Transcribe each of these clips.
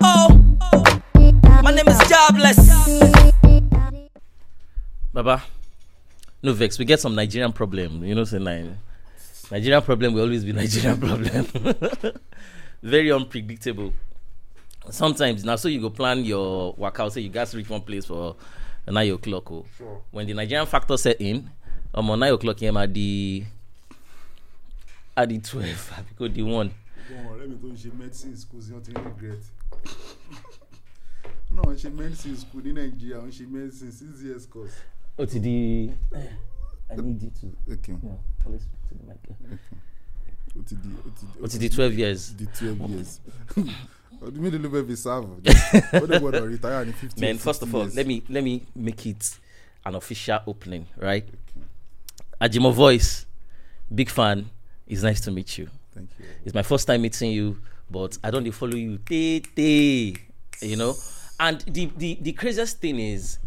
Oh, my name is Jobless. Baba, no vex. We get some Nigerian problem. You know, say Nigerian problem will always be Nigerian problem. Very unpredictable. Sometimes now, so you go plan your workout. Say you guys reach one place for nine o'clock. Oh. Sure. When the Nigerian factor set in, I'm on nine o'clock. I'm at the at the twelve. I go the one. gan ọ̀rẹ́ mi tó ń ṣe medicine school sí wọ́n ti regret náà wọ́n ṣe medicine school ní nàìjíríà wọ́n ṣe medicine six years course. ó ti di i need you to okay. you know, please speak to the mic. ó ti di ó ti di ó ti di twelve years. di twelve years ọdún mi ló fẹ́ fi serve ó dẹ̀ retire ní fifteen years. man first of all let me let me make it an official opening right okay. Ajimo voice big fan it's nice to meet you. Thank you. It's my first time meeting you, but I don't follow you. Tay, tay, you know? And the, the, the craziest thing is,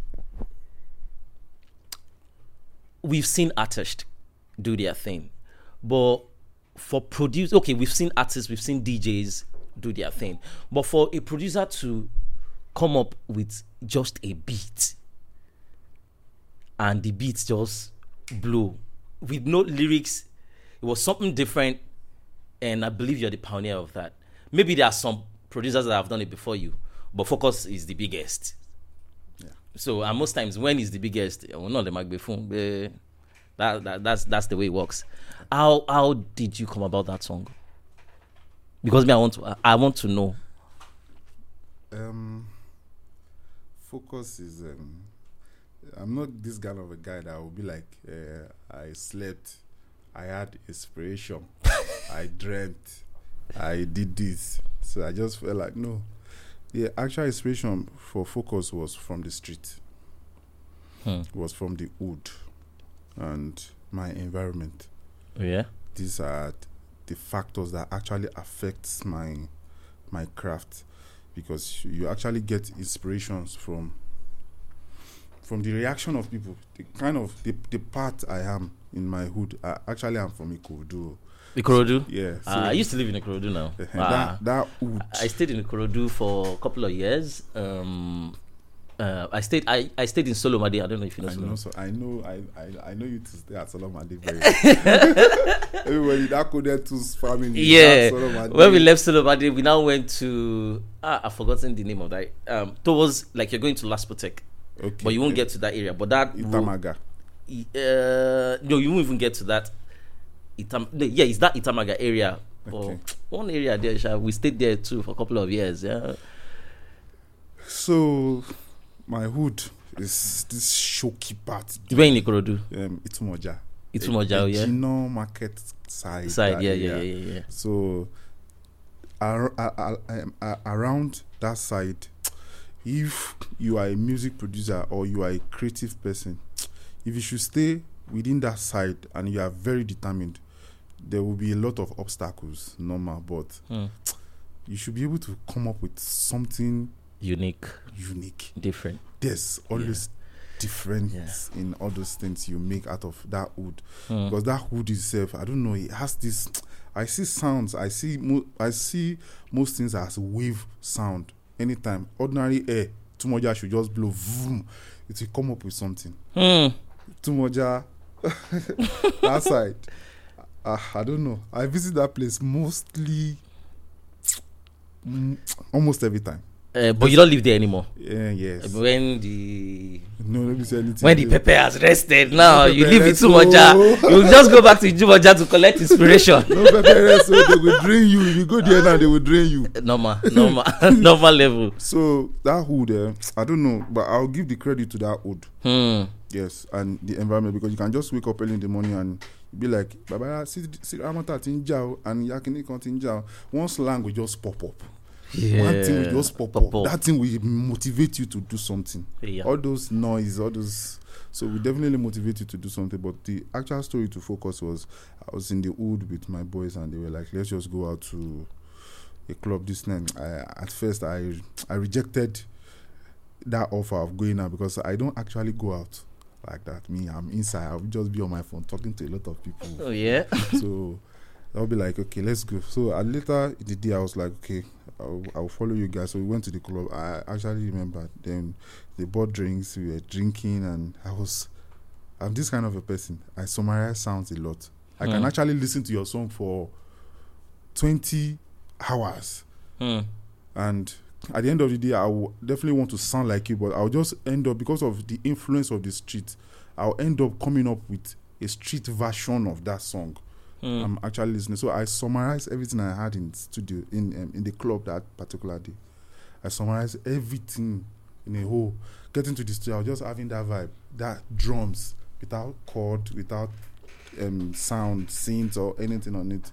we've seen artists do their thing, but for produce, okay, we've seen artists, we've seen DJs do their thing, but for a producer to come up with just a beat and the beats just blew with no lyrics, it was something different and I believe you're the pioneer of that. Maybe there are some producers that have done it before you, but Focus is the biggest. Yeah. So and most times when is the biggest, eh, well not the microphone, but that, that that's that's the way it works. How how did you come about that song? Because me, I want to I want to know. Um, focus is um, I'm not this kind of a guy that will be like uh, I slept, I had inspiration. I dreamt, I did this. So I just felt like, no. The actual inspiration for Focus was from the street, hmm. was from the wood and my environment. Oh, yeah. These are the factors that actually affects my my craft because you actually get inspirations from from the reaction of people the kind of the, the part i am in my hood i actually am from ikudu Ikorodu? Yeah. Uh, I used to live in Ikorodu now. Eh, ah. that, that I stayed in Ikorodu for a couple of years. Um, uh, I stayed I, I stayed in Solomade. I don't know if you know. I know. So I know I, I, I know you to stay at Solomade. Everybody that have to farming. Yeah. When we left Solomade, we now went to ah, I've forgotten the name of that. Um, towards like you're going to Laspotec. Okay. But you won't get to that area. But that Itamaga. Will, uh, no, you won't even get to that Itam. yeah, it's that Itamaga area. Okay. area there. Sha. We stayed there too for a couple of years. Yeah. So, my hood is this shoky part. Where in Ikorodu? Um, Itumoja. Itumoja, a, a oh, yeah. Gino market side. Side, yeah, yeah, yeah, yeah, yeah. So, ar- ar- ar- um, around that side, if you are a music producer or you are a creative person, if you should stay within that side and you are very determined, there will be a lot of obstacles, normal, but mm. you should be able to come up with something unique, unique, different. There's always yeah. difference yeah. in all those things you make out of that wood, mm. because that wood itself, I don't know, it has this. I see sounds. I see. Mo- I see most things as wave sound. Anytime ordinary air, too much air should just blow. Vroom, it will come up with something. Mm. Too much air. Ah, I don't know. I visit that place mostly, mm, almost every time. Uh, but you don't live there anymore. Yeah, yes. Eh, when the no, let me say anything. When the Pepe has rested, now no, you leave it to Moja. Ah. Oh. You just go back to Jumoja to collect inspiration. no Pepe rest, so oh, they will drain you. If you go there now, they will drain you. Eh, normal, normal, normal level. So that hood, uh, I don't know, but I'll give the credit to that hood. Hmm. Yes, and the environment because you can just wake up early in the morning and be like baba see, Amata ti ń jà jao, and yakini kan ti ń jao. One slang will just pop up yeah. one thing will just pop, pop up. up that thing will motivate you to do something yeah. all those noise all those so we definitely motivate you to do something but the actual story to focus was I was in the wood with my boys and they were like let's just go out to a club this night I, at first I I rejected that offer of going out because I don't actually go out like that. Me, I'm inside. I'll just be on my phone talking to a lot of people. Oh yeah. so I'll be like, okay, let's go. So uh, later in the day, I was like, okay, I'll, I'll, follow you guys. So we went to the club. I actually remember. Then they bought drinks. We were drinking, and I was. I'm this kind of a person. I summarize sounds a lot. I mm. can hmm. actually listen to your song for 20 hours. Mm. And at the end of the day, I will definitely want to sound like you, but I'll just end up because of the influence of the street. I'll end up coming up with a street version of that song. Mm. I'm actually listening, so I summarized everything I had in studio in um, in the club that particular day. I summarized everything in a whole. Getting to the studio, I was just having that vibe, that drums without chord, without um, sound, synths or anything on it.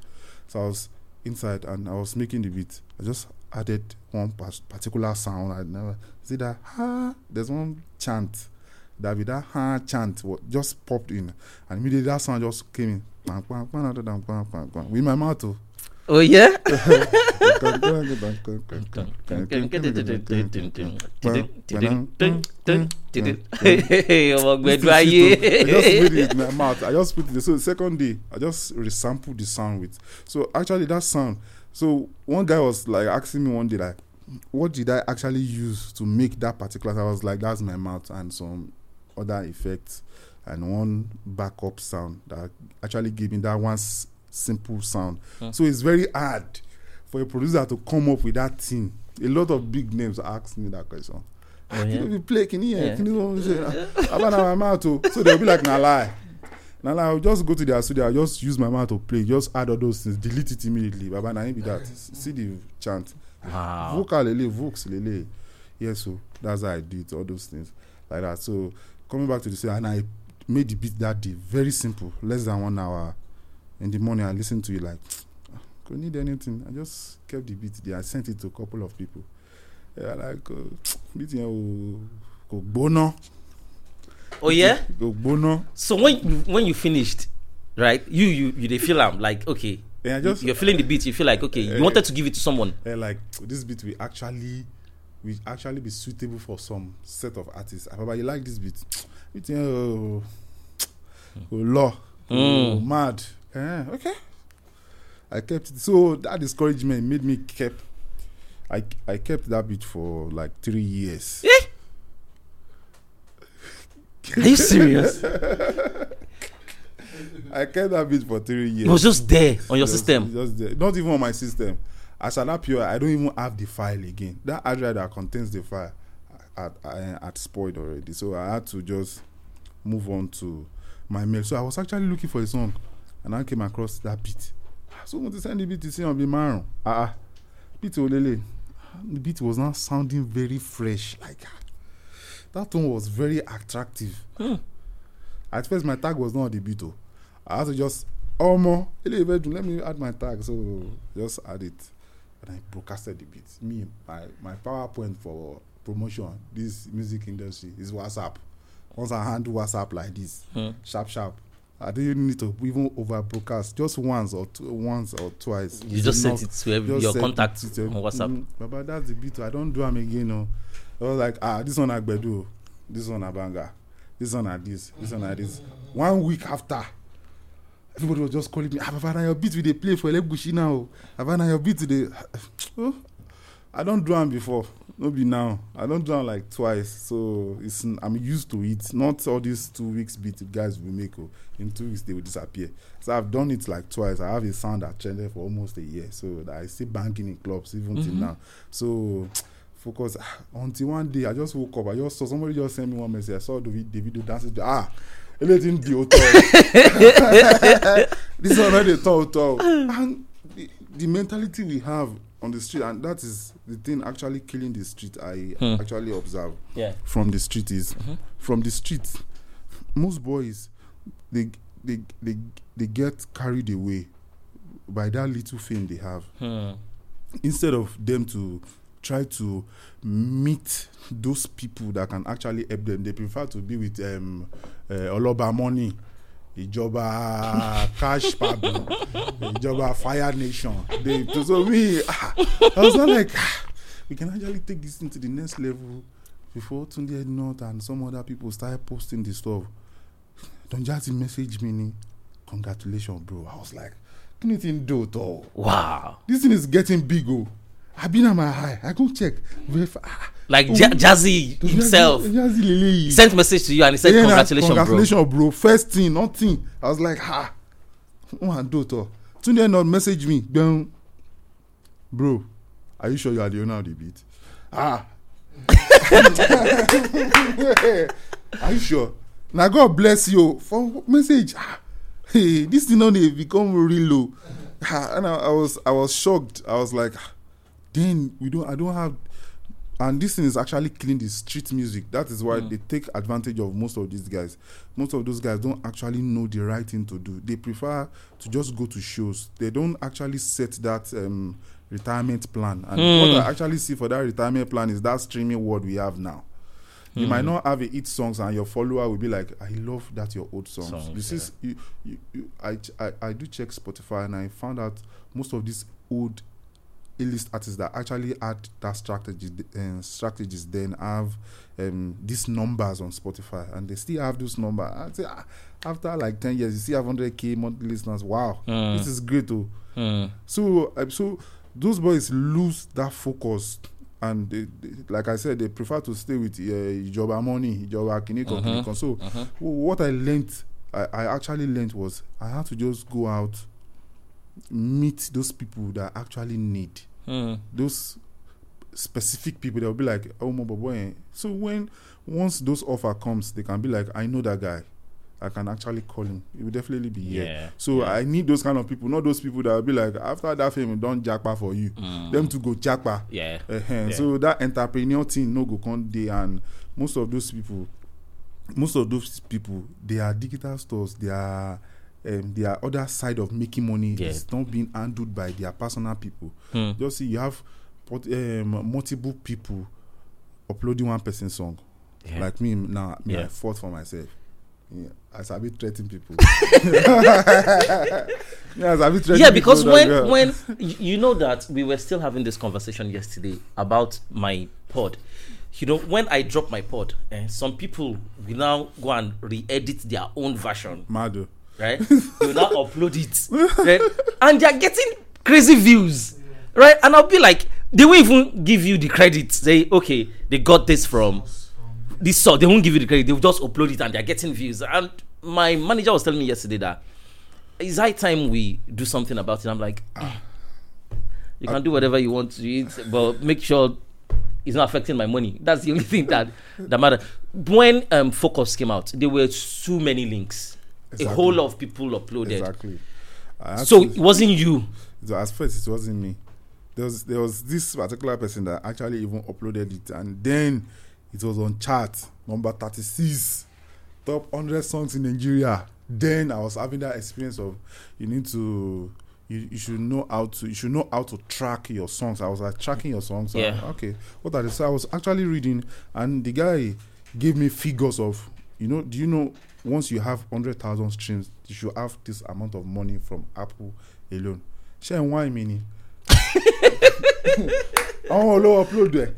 So I was inside and I was making the beat. I just added one particular sound. I never see that ha. There's one chant that with that ha chant what just popped in, and immediately that sound just came in. With my mouth too. Oh. oh yeah. ọmọgbẹdu I just put it in my mouth. I just put it. So the second day, I just resampled the sound with. So actually, that sound. So one guy was like asking me one day, like, what did I actually use to make that particular? I was like, that's my mouth and some other effects and one backup sound that actually gave me that one s- simple sound. Yeah. So it's very hard for a producer to come up with that thing. A lot of big names ask me that question. Oh, yeah. Can you play? Can you hear? Yeah. Can you know? About my mouth, oh? so they'll be like, nah lie na I i'll just go to their studio I just use my mouth to play just add all those things delete it immediately baba na him be that see the chant wow. vocal lele vox lele Yes, so that's how i do it all those things like that so coming back to the studio and i made the beat that day very simple less than one hour in the morning i listened to it like I need anything i just kept the beat there i sent it to a couple of people they were like oh, beat yẹn o kò gbóná. oh yeah so when you, when you finished right you you you they feel am like okay yeah, just, you're feeling the beat you feel like okay you uh, wanted to give it to someone uh, like this beat will actually will actually be suitable for some set of artists ah, But you like this beat you think oh, oh law oh, mm. mad eh, okay i kept it so that discouragement made me kept i i kept that beat for like three years yeah. Are you serious? I kept that bit for three years. It was just there on your just, system. Just there. Not even on my system. As at that period, I don't even have the file again. That address that contains the file I had spoiled already. So I had to just move on to my mail. So I was actually looking for a song and I came across that beat. Ah, so mo ti send the beat sí ọ̀bí márùn-ún. Ah, ah beat olele. Ah, the beat was not sounding very fresh like That one was very attractive. Hmm. At first, my tag was not on the beat. Oh. I had to just, oh, more, e let me add my tag. So just add it. And I broadcasted the beat. Me, my, my PowerPoint for promotion, this music industry is WhatsApp. Once I hand WhatsApp like this, hmm. sharp, sharp. I didn't need to even over broadcast just once or two, once or twice. You just sent it to every, your contact on WhatsApp. Mm, Baba, that's the beat. I don't do them again. No. I was like, ah, this one I Gbedu, this one I Banga, this one I this, this one I this. One week after, everybody was just calling me, ah, Baba, na your beat with dey play for Elegushi now. Baba, na your beat dey. Oh, I don't do am before, not be now. I don't do am like twice, so it's I'm used to it. Not all these two weeks beat guys will make. Oh, in two weeks they will disappear. So I've done it like twice. I have a sound that changed for almost a year, so I still banging in clubs even mm -hmm. till mm-hmm. now. So focus ah, until one day i just woke up i just saw somebody just send me one message i saw the video dancing ah eléyìí ń di òótọ́ this one no dey tọ́ òótọ́ and the, the mentality we have on the street and that is the thing actually killing the street i hmm. actually observe yeah. from the street is mm -hmm. from the street most boys they they they they get carried away by that little fame they have hmm. instead of them to try to meet those people that can actually help them. They prefer to be with um, uh, all about money. ìjọba cash pablo ìjọba fire nation they so me ah, i was not like ah, we can actually take this into the next level before tunde north and some other people start posting this stuff Don't just message me ni congratulations bro i was like kí ni ti ń do all. wow this thing is getting big Oh. I've been on my high. I go check. Ah, ah. Like oh, ja- Jazzy himself Jazzy, Jazzy sent message to you and he said, yeah, congratulations, congratulations, bro. bro. First thing, nothing. I was like, ha. One oh, daughter. Tunde not message me. Then, bro, are you sure you are the owner of the beat? Ah. are you sure? Now God bless you for message. Ah. Hey, this thing only become real low. Oh. Ah, and I, I was I was shocked. I was like, ah then we don't. I don't have. And this thing is actually killing the street music. That is why mm. they take advantage of most of these guys. Most of those guys don't actually know the right thing to do. They prefer to just go to shows. They don't actually set that um, retirement plan. And mm. what I actually see for that retirement plan is that streaming world we have now. You might mm. not have a hit songs, and your follower will be like, "I love that your old songs." songs this yeah. is you, you, you, I, I I do check Spotify, and I found out most of these old list artists that actually had that strategy uh, strategies then have um, these numbers on Spotify and they still have those numbers. Say, ah, after like ten years, you see have hundred k monthly listeners. Wow, uh, this is great too. Uh, hmm. so uh, so those boys lose that focus. And they, they, like I said, they prefer to stay with uh, money, job Kiniko, uh-huh, Kiniko. So, uh-huh. what I learned, I, I actually learned was I had to just go out meet those people that actually need mm. those specific people they'll be like oh my boy eh. so when once those offer comes they can be like i know that guy i can actually call him it will definitely be yeah. here so yeah. i need those kind of people not those people that will be like after that film don't jackpa for you mm. them to go jack yeah. Uh-huh. yeah. so that entrepreneur thing no go come day and most of those people most of those people they are digital stores they are um, their other side of making money yeah. is not being handled by their personal people. Hmm. Just see, you have um, multiple people uploading one person song. Yeah. Like me now, me yeah. I fought for myself. Yeah, as I be threatening people. yeah, yeah, because when when you know that we were still having this conversation yesterday about my pod. You know, when I drop my pod, eh, some people will now go and re-edit their own version. Mado oh right? you now upload it, right? And they're getting crazy views, right? And I'll be like, they won't even give you the credit. They okay, they got this from this source. They won't give you the credit. They'll just upload it and they're getting views. And my manager was telling me yesterday that it's high time we do something about it. I'm like, ah, you can do whatever you want to eat, but make sure it's not affecting my money. That's the only thing that that matters. When um, Focus came out, there were too many links exactly. a whole lot of people uploaded. Exactly. So it wasn't you. So at first, it wasn't me. There was there was this particular person that actually even uploaded it, and then it was on chart number thirty six, top hundred songs in Nigeria. Then I was having that experience of you need to. You, you should know how to you should know how to track your songs. I was like tracking your songs. So yeah. I, okay. What are they? So I was actually reading, and the guy gave me figures of you know do you know once you have 100,000 streams, you should have this amount of money from Apple alone. Ṣé ń wá èmi ni? upload ẹ̀.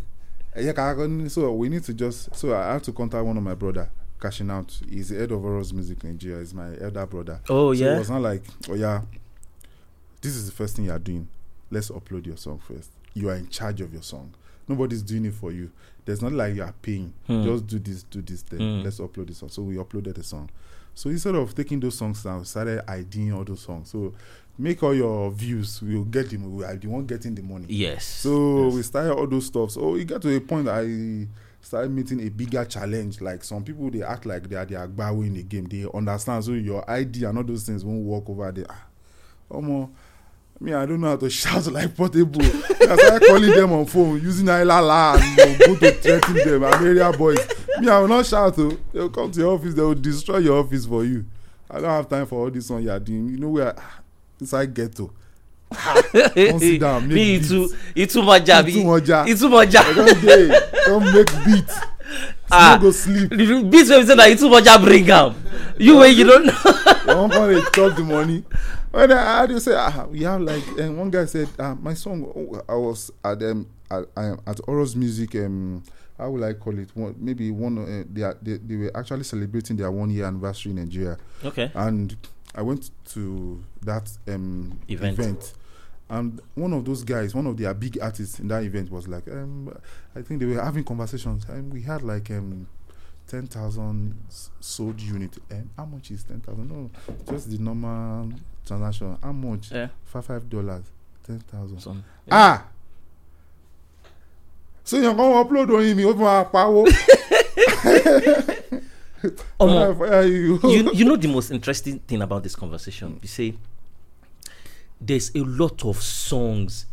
so we need to just so I have to contact one of my brother cashing out. He's the head of Oros Music Nigeria. He's my elder brother. Oh so yeah. So it was not like oh yeah, this is the first thing you are doing. Let's upload your song first. You are in charge of your song. Nobody's doing it for you. There's not like you are paying. Mm. Just do this, do this, thing. mm. let's upload this song. So we uploaded the song. So instead of taking those songs down, started IDing all those songs. So make all your views. We'll get them. We are the one getting the money. Yes. So yes. we started all those stuff. So it got to a point I started meeting a bigger challenge. Like some people, they act like they are the agbawe in the game. They understand. So your ID and all those things won't work over there. Ah, almost me, I don't know how to shout like portable. I started calling them on phone, using Ilala and you know, go to threaten them. I'm area boys. Me, I will not shout. Oh. will come to your office, they will destroy your office for you. I don't have time for all this on your You know where inside ghetto. Consider make Me, beats. Itu, itu moja, itu moja. Itu moja. Don't day, don't make beats. Ah, no go sleep. Beats wey be say na itu moja bring am. You wey you don't know. You wan come chop the money. when I heard you say, ah, we have like, and one guy said, ah, my song, oh, I was at um, at, at Oros Music, um, how will I call it? One, maybe one, uh, they, they, they were actually celebrating their one year anniversary in Nigeria. Okay. And I went to that um, event. event. And one of those guys, one of their big artists in that event was like, um, I think they were having conversations. And we had like um, 10,000 sold unit. and how much is 10,000? No, just the normal transaction how much yeah. five five dollars ten thousand ah so yàn kàn wọ́n upload orin mi ó fi máa pawó. ọmọ you, you know the most interesting thing about this conversation You say there's a lot of songs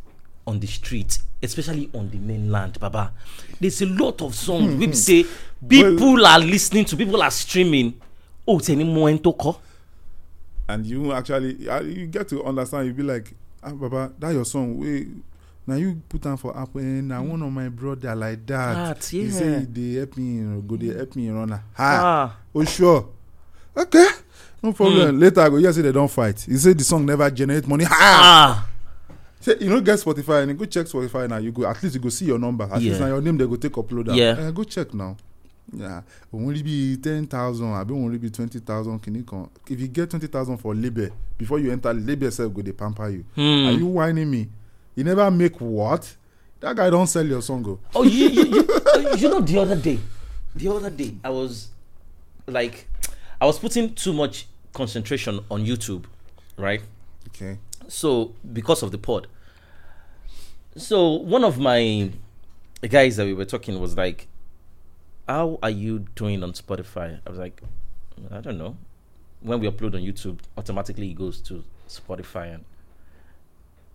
on the street especially on the mainland baba there's a lot of songs wey hmm. be say people well, are listening to people are streaming o tẹ ni mo ẹni tó kọ and you actually you get to understand you be like ah baba that your song wey na you put am for app and eh, na one of my brother like that he say he dey help me go dey help me run ah oh sure okay no problem hmm. later i go hear say they don fight he say the song never generate money ah say you no get spotify and you go check spotify now you go at least you go see your number at least na your name they go take upload am eh, go check now Yeah, only be ten thousand àbí òun rí bíi twenty thousand kìíní kan if you get twenty thousand for labour before you enter labour sef go dey pamper you. Hmm. Are you whining me? You never make what? That guy don sell your song o. Oh, you, you, you, you know the other day, the other day I was like, I was putting too much concentration on YouTube, right? Okay. So because of the pod, so one of my guys that we were talking was like how are you doing on Spotify? I was like, I don't know. When we upload on YouTube, automatically it goes to Spotify. And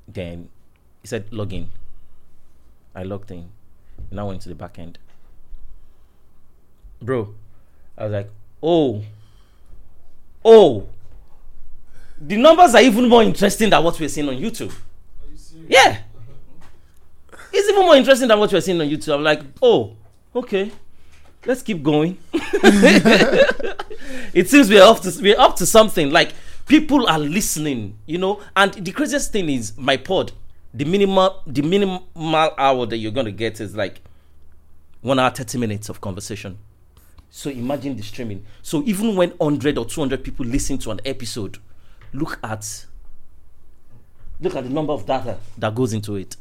then he said, log in. I logged in. And I went to the back end. Bro, I was like, oh, oh. The numbers are even more interesting than what we're seeing on YouTube. You yeah. it's even more interesting than what we're seeing on YouTube. I'm like, oh, okay let's keep going. it seems we're up to we're up to something. Like people are listening, you know. And the craziest thing is my pod. The minimal the minimal hour that you're gonna get is like one hour thirty minutes of conversation. So imagine the streaming. So even when hundred or two hundred people listen to an episode, look at look at the number of data that goes into it.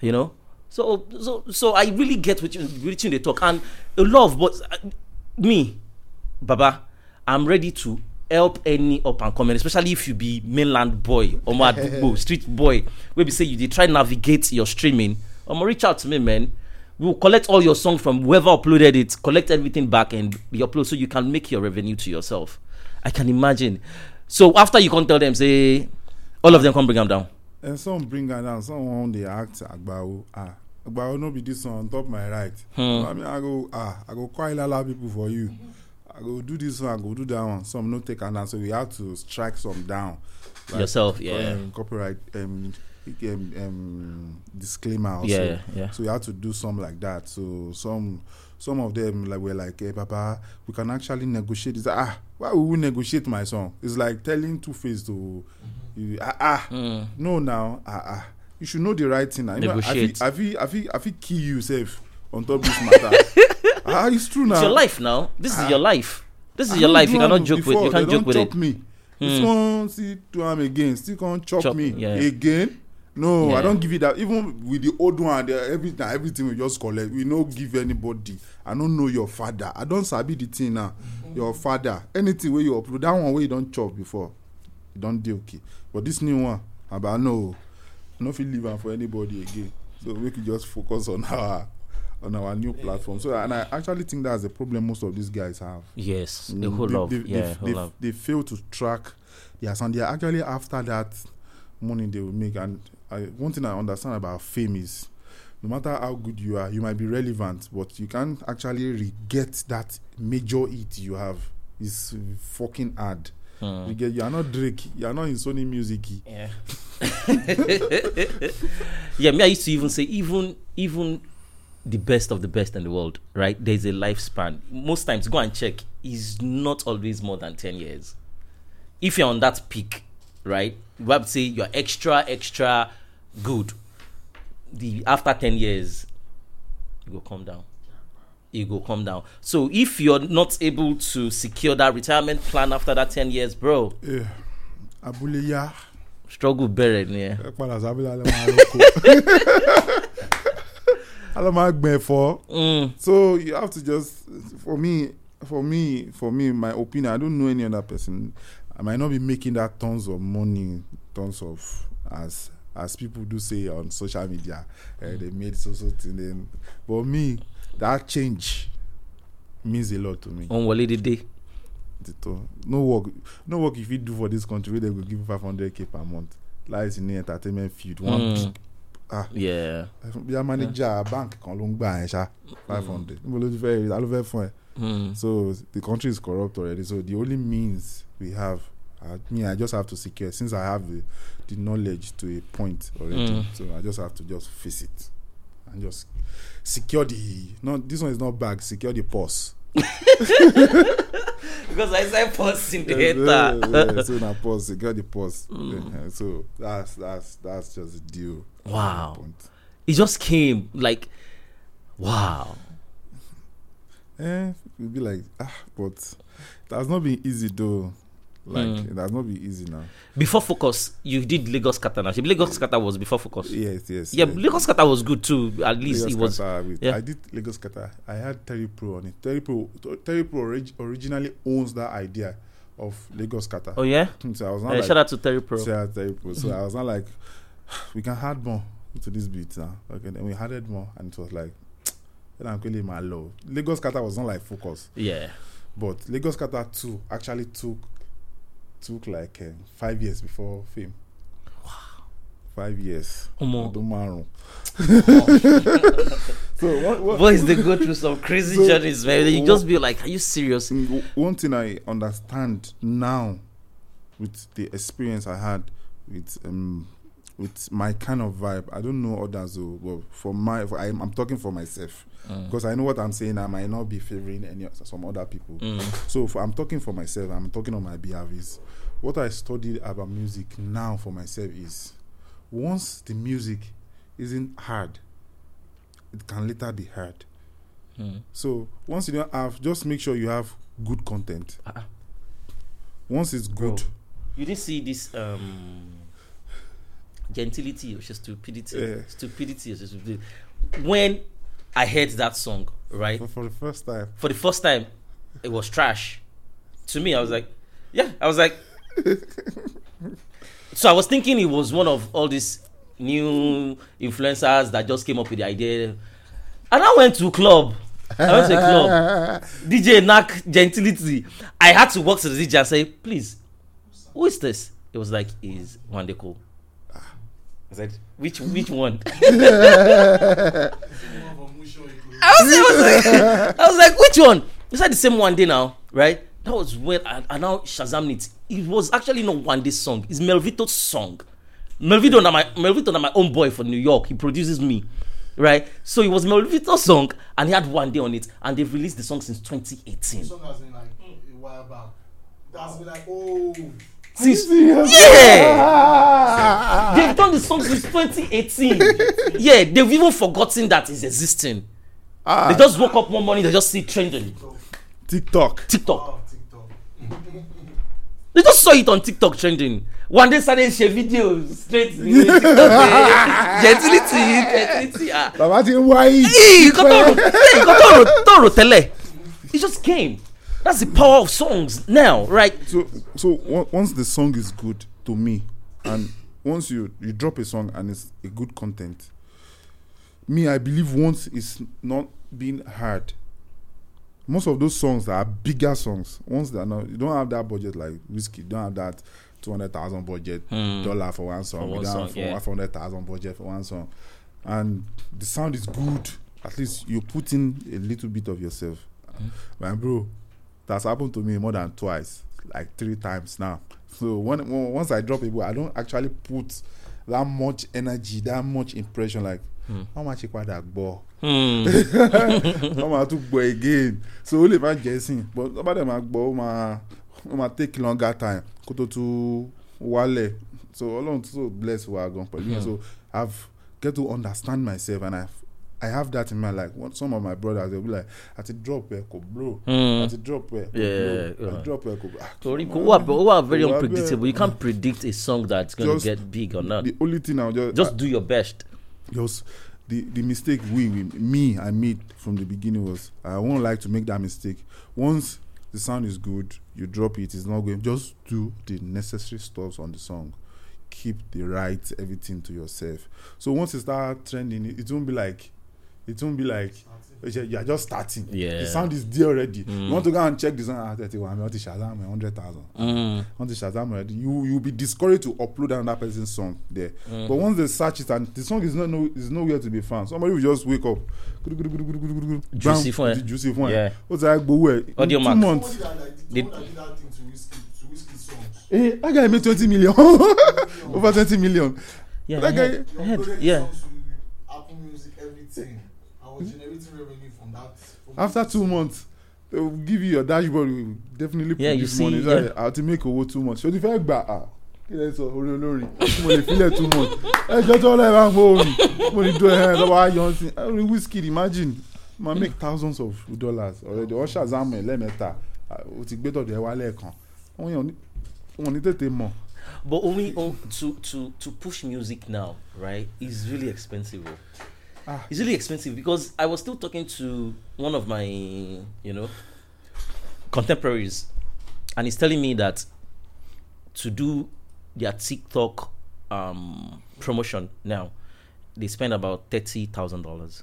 You know, so, so, so I really get what you, what you they talk and a love, but uh, me, Baba, I'm ready to help any up and coming, especially if you be mainland boy, or my street boy, where be say you they try navigate your streaming. gonna reach out to me, man. We'll collect all your songs from whoever uploaded it, collect everything back and be upload so you can make your revenue to yourself. I can imagine. So after you can tell them, say all of them come bring them down. and some bring am down some wan dey act agbawo ah agbawo no be this one on top my right hmm. so i mean i go ah i go call ilala people for you i go do this one i go do that one some no take am down so we have to strike some down. Like, yourself um, yeah um, copyright um, um, um, disclaimer also. Yeah, yeah, So we have to do some like that. So some some of them like were like, "Hey, eh, Papa, we can actually negotiate." this. ah, why would we negotiate my song? It's like telling Two Face to You, ah ah. Mm. No now. Ah ah. You should know the right thing now. You Negotiate. Know, I fit I fit I fit kill you sef on top this matter. ah, it's true now. It's your life now. This ah. is your ah. life. This is I your life. You cannot joke before. with. You can't joke with it. Me. Mm. This one see to am again. Still can't chop, chop me yeah. again. No, yeah. I don't give you that. Even with the old one, the, everything, everything we just collect. We no give anybody. I don't know your father. I don't sabi the thing now. Mm-hmm. Your father, anything where you upload that one where you don't chop before, you don't deal okay. But this new one, about ah, no, no feel leave for anybody again. So we could just focus on our on our new platform. So and I actually think that's the problem most of these guys have. Yes, the mm, whole they, of they, yeah, they, whole they, of. they fail to track their sound. They are actually after that money they will make. And I, one thing I understand about fame is no matter how good you are, you might be relevant, but you can't actually re- get that major hit you have. It's fucking hard. Mm. You get you are not Drake, you are not in Sony Music. Yeah. yeah, me I used to even say even even the best of the best in the world, right? There's a lifespan. Most times go and check is not always more than 10 years. If you're on that peak, right? Web say you're extra extra good. The after 10 years you go come down. it will come down. So if you're not able to secure that retirement plan after that ten years, bro. Yeah. abule ya Struggle bẹ̀rẹ̀ ni ẹ. Ẹ padà sábẹ́lẹ̀ alẹ́ máa lóko. Alẹ́ máa gbẹ̀ fọ́. Mm. So you have to just for me for me for me my opinion I don't know any other person I might not be making that tons of money tons of as as people do say on social media uh, they made so so thing then but me that change means a lot to me. On wọlé dédé. títọ́ no work no work you fit do for this country wey dem go give you five hundred k per month láì in ní entertainment field one mm. Peak. ah yeah. bí a manager yeah. bank kan ló ń gbà yẹn ṣá five hundred níbo ló ti fẹ́ ta ló fẹ́ fún ẹ. Hmm. so the country is corrupt already so the only means we have I mean, I just have to secure since I have the, the knowledge to a point already. Mm. So I just have to just face it. and just secure the no this one is not bag secure the purse because i said purse in the header yeah, yeah, so purse secure the purse mm. yeah, so that's that's that's just the deal wow it just came like wow eh it be like ah but that's not been easy though like mm. not be easy now. Before Focus, you did Lagos Katana. Lagos Kata was before Focus. Yes, yes. Yeah, yes. Lagos Kata was good too. At least Lagos it was. with, yeah. I did Lagos Kata. I had Terry Pro on it. Terry Pro, Terry Pro orig- originally owns that idea of Lagos Kata. Oh yeah. So I was not. Uh, like, shout out to Terry Pro. Shout out Terry Pro. So mm-hmm. I was not like, we can add more to this beat now. Okay, then we added more, and it was like, then I'm really my low. Lagos Kata was not like Focus. Yeah. But Lagos Kata 2 actually took took like eh, five years before fame. Wow. Five years. Omo. so what, what boys they go through some crazy so, journeys, man. You just be like, are you serious? One thing I understand now, with the experience I had with um, with my kind of vibe. I don't know others, though, but for my, for, I'm, I'm, talking for myself mm. because mm. I know what I'm saying. I might not be favoring any some other people. Mm. So for, I'm talking for myself. I'm talking on my behaviors. What I studied about music now for myself is once the music isn't hard, it can later be heard. Mm. So once you don't have, just make sure you have good content. Uh-uh. Once it's Bro, good, you didn't see this. Um gentility or stupidity. Yeah. Stupidity or stupidity. When I heard that song, right? For, for, the first time. For the first time, it was trash. To me, I was like, yeah, I was like. so I was thinking it was one of all these new influencers that just came up with the idea. And I went to club. I went to a club. DJ Knack Gentility. I had to walk to the DJ and say, please, who is this? It was like, is Wandeko. I said, which which one? I, was, I, was like, I was like, which one? It's that the same one day now, right? That was when I, I now Shazam it. It was actually not one day song. It's Melvito's song. Melvito and my Melvito my own boy from New York. He produces me, right? So it was Melvito's song, and he had one day on it, and they've released the song since 2018. The song has been like a while back. That's been like oh. Since, yeah, they've done the song since 2018. yeah, they've even forgotten that it's existing. Ah. They just woke up one morning, they just see trending. TikTok. TikTok. TikTok. they just saw it on TikTok trending. One day started she video straight to the TikTok. Gentility, gentility. Ah. Bàbá ti ń wá yìí. Ìkọ́tọ̀rọ̀ tẹ́lẹ̀. It just came. That's the power of songs now, right? So, so once the song is good to me, and once you you drop a song and it's a good content, me I believe once it's not being heard, most of those songs that are bigger songs, once they are not, you don't have that budget like whiskey, don't have that two hundred thousand budget hmm. dollar for one song, for one song yeah. five hundred thousand budget for one song, and the sound is good. At least you put in a little bit of yourself. Mm. bro, That's happened to me more than twice, like three times now. So when, once I drop a I don't actually put that much energy, that much impression. Like, mm. how much you that ball? How much to go again? So only if I'm guessing, but about them I go, ma, ma take longer time. Koto to wale. So Ọlọ́run tó so bless wa gan pẹ̀lú. Hmm. So I've get to understand myself and I've I have that in my like what some of my brothers they'll be like "At a drop ẹ kò blow At hmm. a drop ẹ kò blow a drop ẹ kò blow. Ah, torí kò wà ó very unpredictable you can't predict a song that's gonna get big or not. the only thing i just. just I, do your best. just the the mistake we, we me i made from the beginning was i won't like to make that mistake once the sound is good you drop it it's not going just do the necessary stuff on the song keep the right everything to yourself so once you start trending it, it won't be like it won't be like you are just starting. Yeah. The sound is there already. Mm. You want to go and check the sound at ah, 31, I want to Shazam 100,000. Eh, mm. I want to Shazam already. You, you'll be discouraged to upload another person's song there. Mm. But once they search it and the song is, not no, is nowhere to be found, somebody will just wake up. Juicy phone. Eh? Juicy phone. Eh? Yeah. What's that? Go where? Audio Two months. The, Hey, that guy made 20 million. Over 20 million. Yeah, that guy. yeah. after two months they will give you your dashboard you will definitely put yeah, this see, money yeah. i have to make owó two months So o ti fẹ́ gbà á kí lè sọ orí olórin mo lè filẹ̀ two months ẹ jọ tó ọlọ́ọ̀ bá ń gbọ́ orin mo lè do ẹ lọ́wọ́ ayọ̀ sí orin Wizkid imagine ma make thousands of dollars already wọ́n ṣàzámù ẹ̀ lẹ́ẹ̀mẹ́ta o ti gbé tọ̀dọ̀ ẹ wá lẹ́ẹ̀kan wọn ní tètè mọ̀. but omi oh, to to to push music now right is really expensive o. Oh. ah. it's really expensive because I was still talking to one of my, you know, contemporaries, and he's telling me that to do their TikTok um, promotion now, they spend about thirty thousand dollars.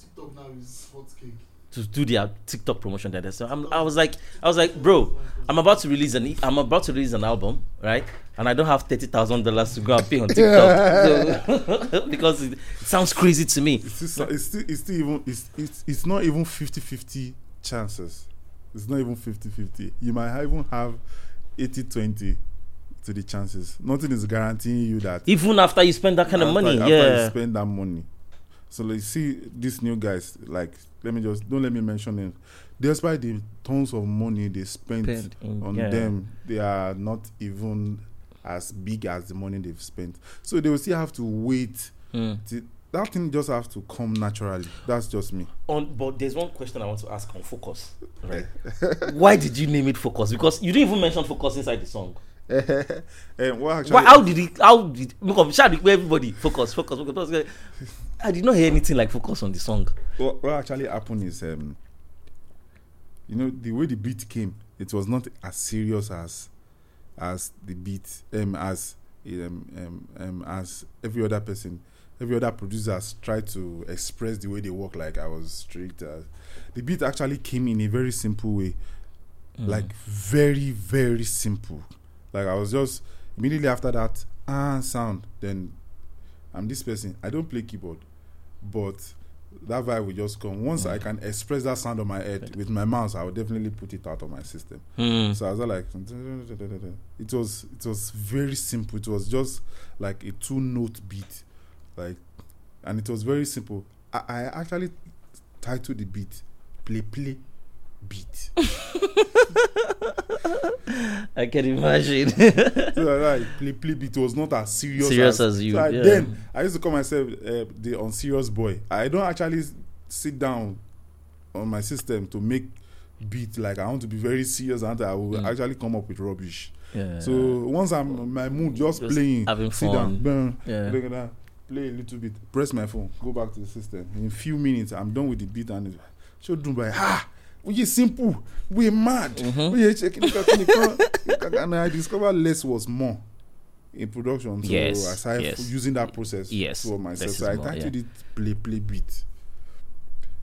TikTok now is hot cake to do their TikTok promotion that so I'm, i was like I was like bro I'm about to release an I'm about to release an album right and I don't have thirty thousand dollars to go and pay on TikTok so, because it, sounds crazy to me it's still, it's still, it's still even it's, it's, it's not even 50 50 chances it's not even 50 50 you might even have 80 20 to the chances nothing is guaranteeing you that even after you spend that kind after, of money after yeah you spend that money so they see these new guys, like let me just don't let me mention them. Despite the tons of money they spent, spent in, on yeah. them, they are not even as big as the money they've spent. So they will still have to wait. Mm. To, that thing just have to come naturally. That's just me. On but there's one question I want to ask on focus. Right? Why did you name it focus? Because you didn't even mention focus inside the song. Eh, what actually? Why, how did he? How did? Because everybody focus, focus, focus, focus. I did not hear anything like focus on the song. What, what actually happened is, um, you know, the way the beat came, it was not as serious as as the beat, um, as um, um, um as every other person, every other producer has tried to express the way they work. Like I was strict. Uh, the beat actually came in a very simple way, mm. like very very simple. Like I was just immediately after that, ah, sound. Then I'm this person. I don't play keyboard, but that vibe will just come. Once mm. I can express that sound on my head with my mouth, I will definitely put it out of my system. Mm. So I was like, it was it was very simple. It was just like a two note beat, like, and it was very simple. I, I actually titled the beat "Play Play." beat. I can imagine. so like, play, play beat was not as serious, serious as, as you. So I, Then I used to call myself uh, the unserious boy. I don't actually sit down on my system to make beat. Like I want to be very serious, and I will mm. actually come up with rubbish. Yeah. So once I'm my mood just, just playing, having sit fun. down, yeah. Blah, blah, blah, play a little bit, press my phone, go back to the system. In a few minutes, I'm done with the beat and. Show Dumbai, ha! we simple, we mad. Mm-hmm. We checking and I discovered less was more in production. So yes, as I yes. using that process yes. for myself, so I started actually yeah. play play beat.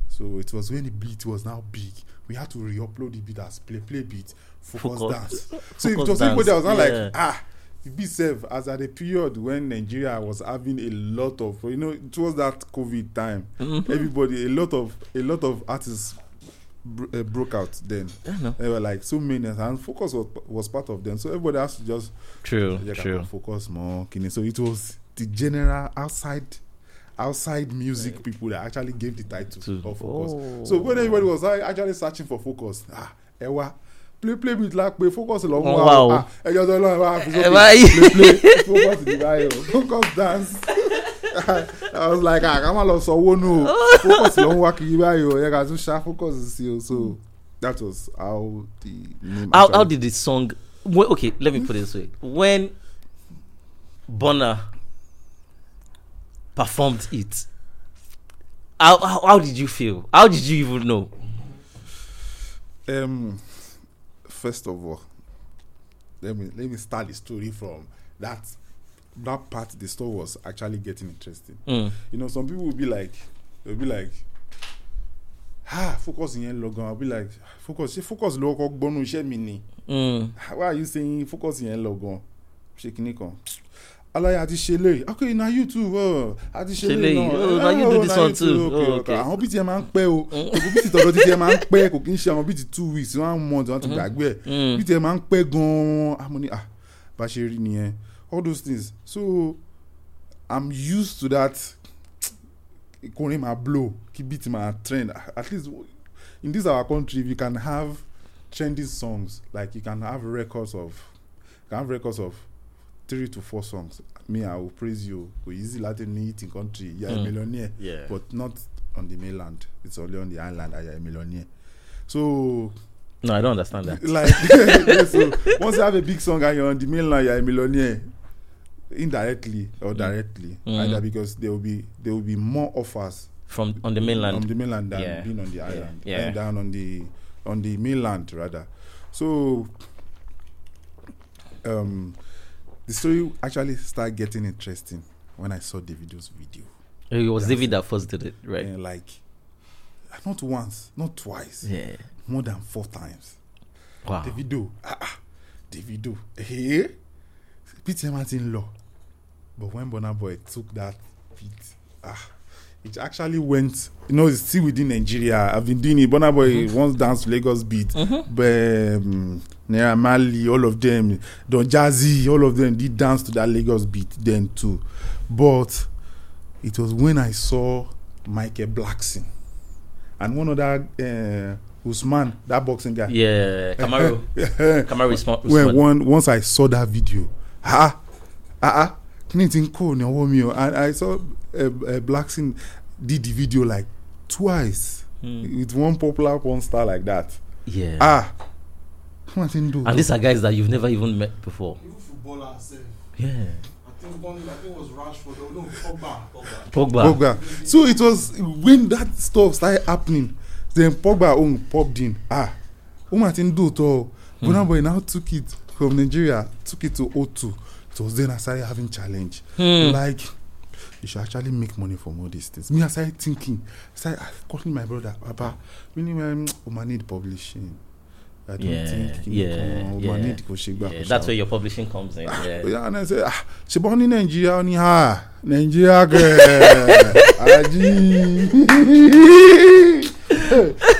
So it was when the beat was now big, we had to re-upload the beat as play play beat focus, focus. dance. So focus it was people that was not yeah. like ah. The beat safe as at a period when Nigeria was having a lot of you know it was that COVID time. Mm-hmm. Everybody a lot of a lot of artists uh, broke out then. Yeah, no. They were like so many, and focus was, was part of them. So everybody has to just true, true. Focus more. So it was the general outside outside music right. people that actually gave the title to, of focus. Oh. So when everybody was actually searching for focus, ah, Ewa, play play with like play focus a mú oh, wa o ẹjọ tó lọ ẹ wá fi sókè play play focus the ayọ focus dance. I was like, ah, come má so sanwó nù o. Focus ló ń wá kiri báyìí o. Ẹ ká focus sí So that was how the name. How, how did the song? Well, okay, let me put it this way. When Bonner performed it, how, how, how did you feel? How did you even know? Um, first of all, let me let me start the story from that that part the store was actually getting interesting. Mm. You know, some people will be like, they'll be like, ah, focus in lọ gan. I'll be like, focus, she focus ló kọ́ gbọ́nú iṣẹ́ mi ni. Mm. Why are you saying focus in lọ gan? Ṣé kinní kan? Alaye àti Ṣele, okay na you too, oh, àti Ṣele oh na you do this oh, one too, oh, okay okay. Àwọn bíi tiẹ̀ máa ń pẹ́ o, mm. kò bíi tọ̀dọ̀ ti tiẹ̀ máa ń pẹ́, kò kí n ṣe àwọn bíi two weeks, one month, wọ́n ti mm. gbàgbé ẹ̀, bíi tiẹ̀ ń pẹ́ gan-an, ah, ah, bá ṣe rí nìyẹn. all those things. So I'm used to that. Calling my blow, keep beat my trend. At least in this our country, if you can have trendy songs, like you can have records of, you can have records of three to four songs. Me, I will praise you. Go easy Latin eating country. You're mm. a millionaire, yeah. but not on the mainland. It's only on the island. I am a millionaire. So no, I don't understand that. Like, so once you have a big song and you're on the mainland, you're a millionaire indirectly or mm. directly, mm. either because there will be there will be more offers from on the mainland, on the mainland than yeah. being on the island, yeah. yeah. down on the on the mainland rather. So, um, the story actually started getting interesting when I saw Davido's video. It was David that first did it, right? And like, not once, not twice, yeah, more than four times. Wow, Davido, ah, ah Davido, hey, eh, eh, eh. Peter Martin Law. But when Bonaboy took that beat, ah, it actually went, you know, it's still within Nigeria. I've been doing it. Bonaboy mm-hmm. once danced Lagos beat, mm-hmm. but um, Mali, all of them, Don Jazzy, all of them did dance to that Lagos beat then too. But it was when I saw Michael Blackson and one of that Uh, Usman, that boxing guy. Yeah, Kamaru. Kamaru smart. When one, once I saw that video, ha, ah, ah, ah kini ti n ko ni ọwọ́ mi o and i saw uh, uh, Blackson did the video like twice mm. with one popular porn star like that. Yeah. ah what ti n do. and these are guys that you've never even met before. yeah. I think, one, I think was Rashford or no Pogba. Pogba. Pogba. So it was when that stuff started happening, then Pogba own popped in. Ah, Umatin do to. Burna Boy now took it from Nigeria, took it to O2. So then I started having challenge. Hmm. Like, you should actually make money from all these things. Me, I started thinking. I started calling my brother, Papa, minimum, woman need publishing. I don't yeah, think yeah, yeah, yeah. yeah. That's where your publishing comes in. Ah, yeah. yeah, and I say, ah, she born in Nigeria, only her Nigeria girl. Aji,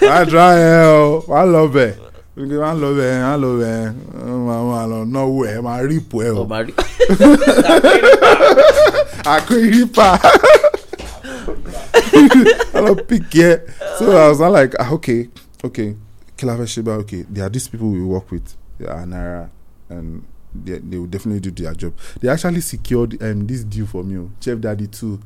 I try hell. I love it. Nke máa ń lọ bẹ̀ máa ń lọ bẹ̀ máa lọ náwó ẹ̀ máa rípò ẹ̀ o. Àkúrí rípa. I lọ pick So I was like ah, okay okay kí la okay there are these people we work with are naira uh, and they, they will definitely do their job. They actually secured um, this deal for me o oh, Chef Daddy too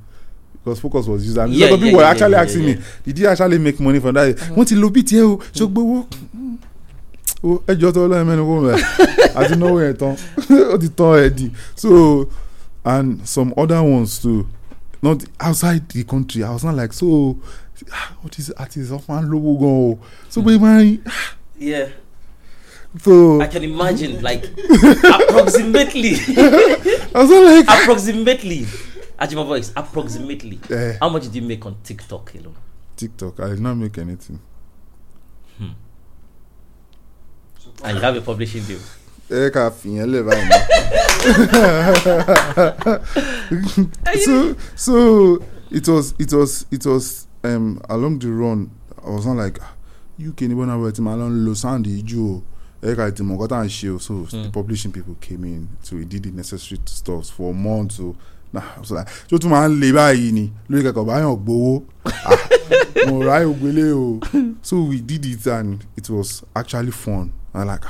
because focus was used and yeah, a lot of people yeah, were actually yeah, asking yeah, yeah. me did you actually make money from that. Wọ́n ti lo bíi tiẹ̀ o ṣó gbowó. ẹjọ́ tó lọ́yìn mẹ́rin wọ́n rẹ̀ àti náwó yẹn tán ó ti tán ẹ̀ di so and some other ones too not outside the country I was not like so ah what is artist ọ̀fọ̀ à ń lówó gan o so pé máa ń. Ah. yeah so I can imagine like approximately I was like ah. approximately Ajima voice approximately uh, how much did you make on TikTok alone. TikTok I did not make anything. Hmm. and you have a publishing deal. ẹ ká fìyẹn lè báyìí náà so so it was it was it was um, along the run I was not like ah, UK ni bọ́nà wẹ̀ tí màá lọ lo sound ìjú o ẹ ká ìtìmọ̀ nǹkan tá à ń ṣe o so mm. the publishing people came in so we did the necessary stuff for months o so tó tún máa ń le báyìí ni lórí kẹkọọ báyọ̀ gbowó ah, mo ráyè ògbélé o so we did it and it was actually fun. I like so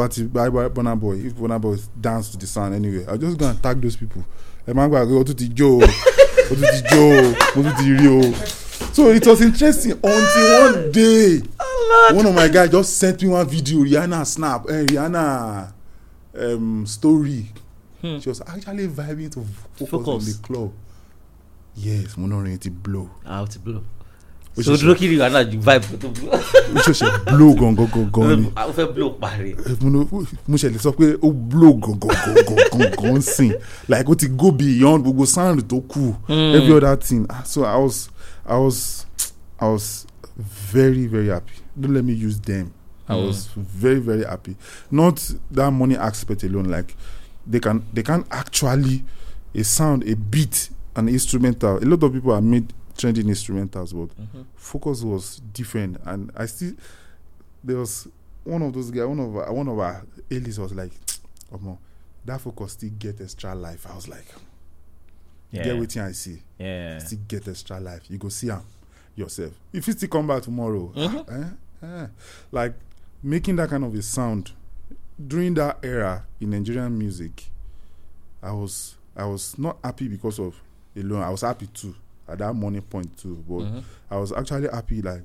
what if Burna Boy if Burna Boy dance to the sound anyway, I'm just gonna tag those people ẹ máa ń gbà pé o tún ti jó o o tún ti jó o so it was interesting until one day oh, one of my guys just sent me one video Rihanna snap eh, Rihanna um, story hmm. she was actually vibing to focus, focus. on the club yes mo náà rìn ti blow. ah o ti blow. So sodoloki wa náà ju vibe tó blow. o ṣẹ̀ṣẹ̀ blow gangan gangan ni. o fẹ́ blow parí. mo ṣẹlẹ̀ sọ pé ó blow gangan gangan gangan sin like o ti go beyond gbogbo sound tó kù hmm. every other thing ah, so i was i was i was very very happy don't let me use them i mm. was very very happy not that money aspect alone like they can they can actually a sound a beat an instrumental a lot of people are made Trending instrumentals, but mm-hmm. focus was different. And I still there was one of those guys, one of our, one of our allies was like, "Come that focus still get extra life." I was like, yeah. "Get what I see, yeah, still get extra life. You go see him yourself. If you still come back tomorrow, mm-hmm. Ah, eh, eh. like making that kind of a sound during that era in Nigerian music, I was I was not happy because of alone. I was happy too at that money point too. But mm-hmm. I was actually happy like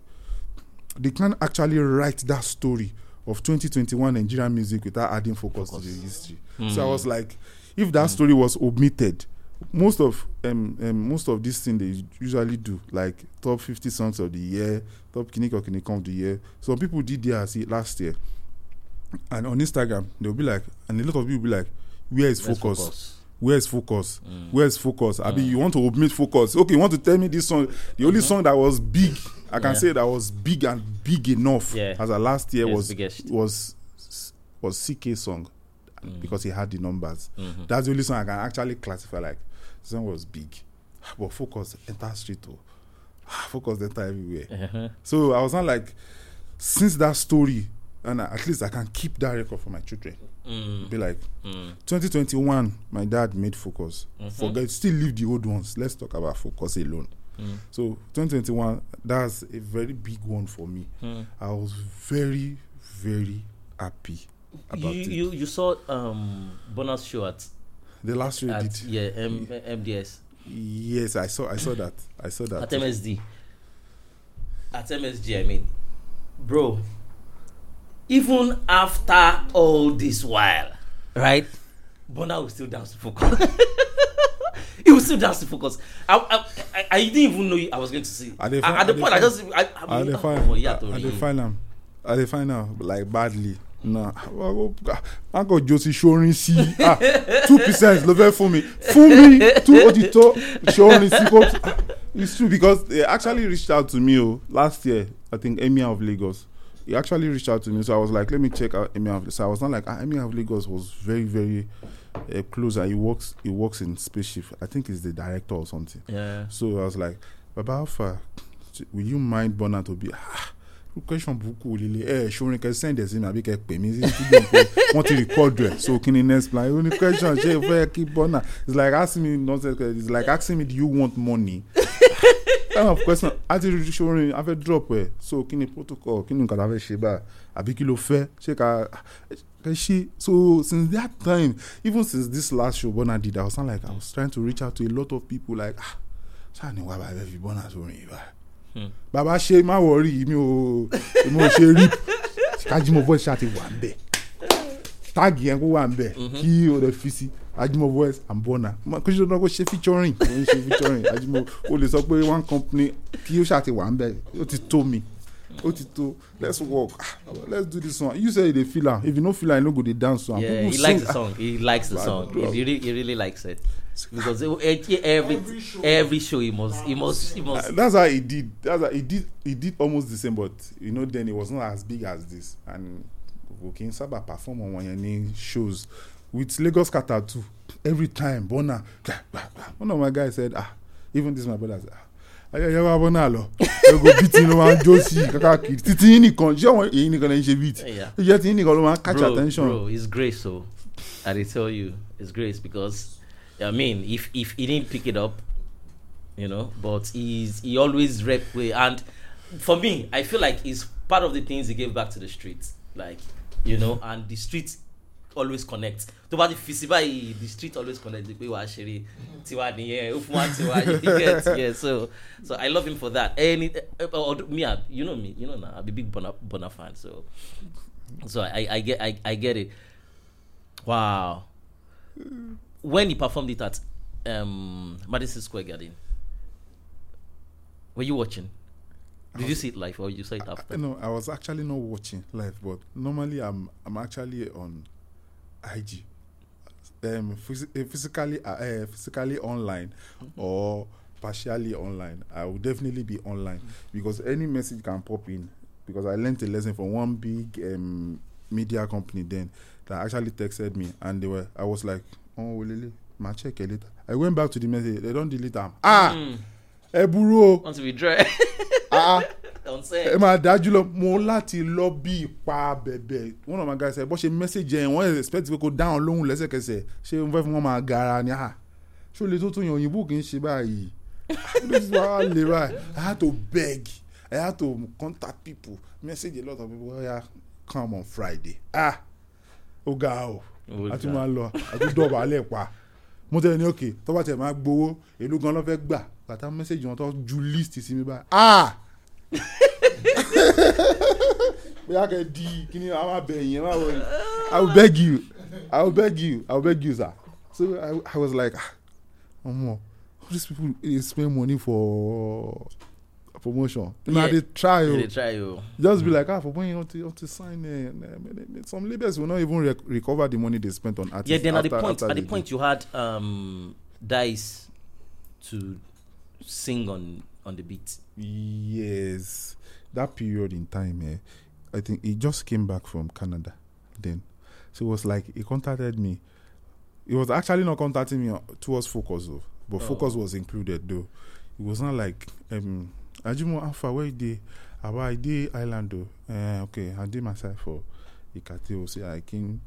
they can actually write that story of 2021 Nigerian music without adding focus, focus. to the history. Mm-hmm. So I was like, if that mm-hmm. story was omitted, most of um, um, most of this thing they usually do like top 50 songs of the year, top kinik or kinik of the year. Some people did theirs last year, and on Instagram they'll be like, and a lot of people be like, where is focus? focus? where's focus mm. where's focus mm. abi you want to omit focus okay you want to tell me this song the only mm-hmm. song that was big i can yeah. say that was big and big enough yeah. as a last year was biggest. was was ck song mm. because he had the numbers mm-hmm. that's the only song i can actually classify like this song was big but focus enter street oh ah, focus enter everywhere uh-huh. so i was not like since that story and at least i can keep that record for my children Mm. Be like, mm. 2021, my dad made focus. Mm-hmm. Forget, still leave the old ones. Let's talk about focus alone. Mm. So 2021, that's a very big one for me. Mm. I was very, very happy about you, it. You you saw um bonus show at the last year at, Yeah, M- MDS. Yes, I saw I saw that. I saw that at MSD. At MSD, I mean, bro even after all this while, right? Bona will still dance to focus. he was still dance to focus. I, I, I, I didn't even know I was going to see. At the, at the point, I just I, I, fine? Are they oh, yeah, I define him. I like badly. na uncle josie showing sí ah, two percent ló for me. For me, two òtítọ́ showing sí ah, it's true because they actually reached out to me oh, last year i think emir of lagos he actually reached out to me. So I was like, let me check out Emir of So I was not like, ah, Emir of Lagos was very, very uh, close. And he works, he works in Spaceship. I think he's the director or something. Yeah. So I was like, Baba Alpha, will you mind Bonner to be. Ah, question buku lile ẹ eh, ṣorin kẹ send ẹ sí mi àbí kẹ pè mí sí studio pé wọn ti record ẹ so kí ni next plan ó ní question ṣe fẹ kí bọ́nà it's like asking me nonsense it's like asking me do you want money ẹ máa question a ti ṣe orin a fẹ́ drop ẹ̀ so kí ni protocol kí ni nǹkan tá a fẹ́ ṣe báyìí àbí kí ló fẹ́ ṣé ká ẹ ṣe so since that time even since this last show Burna did I was sound like I was trying to reach out to a lot of people like ah ṣáà ni wàá bá fẹ́ fi Burna sórin yìí báyìí hmm. bàbá ṣe má wọrí mi ò mi ò ṣe rí kájímọ̀ bọ́ọ̀ṣà ti wà ń bẹ̀ táàgì yẹn kó wà ń bẹ̀ mhm. kí o lè fi sí Ajimob West and Burna kóṣe dandan kó ṣe featuring kó ń ṣe featuring Ajimob o lè sọ pé one company kí ó ṣàti wà ń bẹ ó ti tó mi ó ti tó let's work ah, let's do this one you say you dey feel am if you no feel am you no go dey dance to am. yeah he likes the song he likes the song he really he really likes it because e, e, e, every every show he must he must he must. Ah, that's how he did that's how he did he did almost the same but you know then it was not as big as this and kò kí n sábà perform wọn yẹn ní shows with Lagos Qatar too. Every time, Bona. One of my guys said, ah, even this my brother said, ah, ayẹyẹ wa bọ́nà lọ ẹgbẹ́ bíìtì ló máa ń jó sí kákàkiri títí yín nìkan ṣé àwọn èyí nìkan lẹ́yìn ṣe bíìtì tí yín nìkan ló máa ń catch attention. bro it's grace o oh. i dey tell you it's grace because i mean if if he didn't pick it up you know but he's he always rep way and for me i feel like it's part of the things he gave back to the street like you know and the street always connect tó bá ti fi sí báyìí the street always connect pé wàá ṣeré tiwa nìyẹn ó tiwa you yeah so so i love him for that any uh, me you know me you know na i be big bona bona fan so so i i get i i get it wow when he performed it at um, Madison Square Garden were you watching. Did you see it live or you saw it after? I, no, I was actually not watching live, but normally I'm I'm actually on IG, um, phys- eh, physically uh, eh, physically online mm-hmm. or partially online. I will definitely be online mm-hmm. because any message can pop in. Because I learned a lesson from one big um, media company then that actually texted me and they were I was like, oh lily, my check it I went back to the message. They don't delete them. Ah, mm. hey, bro. Until we dry. ah. ah. ẹ máa dájú lọ mo láti lọ bí ipa bẹ̀bẹ̀ one of my guys ẹ bọ́ ṣe message ẹ wọ́n expect pé kó dáhùn lóhùn lẹ́sẹ̀kẹsẹ̀ ṣé n fẹ́ fún wọn máa gara ni ah ṣó lè tó tó yan òyìnbó kì í ṣe báyìí this is why i lè right i had to beg i had to contact people message a lot of people come on friday ah ó ga o àti máa lọ àti dọ̀bà alẹ́ pa mo tẹ̀lé ní òkè tọ́ba tẹ̀ máa gbowó èlú gan lọ́fẹ́ gbà bàtà mẹ́sẹ̀gì wọn tó ju list sí mi báyìí ah. bóyá kẹ di kíní i will beg you i will beg you i will beg you sir so i, I was like ah omo all these people spend money for uh, promotion Now they try o oh. oh. just be hmm. like ah for when you want to sign uh, some labels will not even rec recover the money they spent on artists yeah then after, at the point at the point you had um, dice to sing on on the beat. Yes, that period in time, eh, I think he just came back from Canada then. So it was like he contacted me. He was actually not contacting me uh, towards Focus though, but oh. Focus was included though. It was not like um, Ajimo Alpha where they about I did Island though. Uh, okay, I did myself for Ikate. Say I came.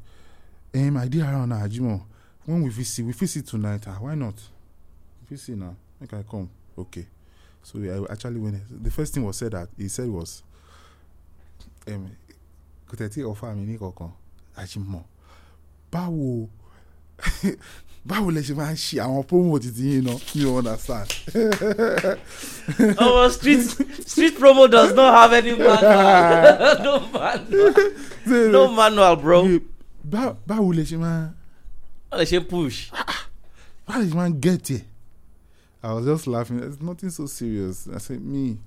Um, I did around Ajimo. When we visit, we visit tonight. Ah, why not? Visit now. Make I come. Okay. So I actually went. The first thing was said that he said was, um, kò tẹ̀ tí ọ̀fà mi ní kankan àjùmọ̀ báwo báwo lẹ ṣe máa ń ṣe àwọn promo títí yín náà mi ò understand. Our street street promo does not have any manual no manual no manual bro. báwo lẹ ṣe máa. báwo lẹ ṣe push. Ah, ah. báwo lẹ ṣe máa get it. I was just laughing. It's nothing so serious. I said, me,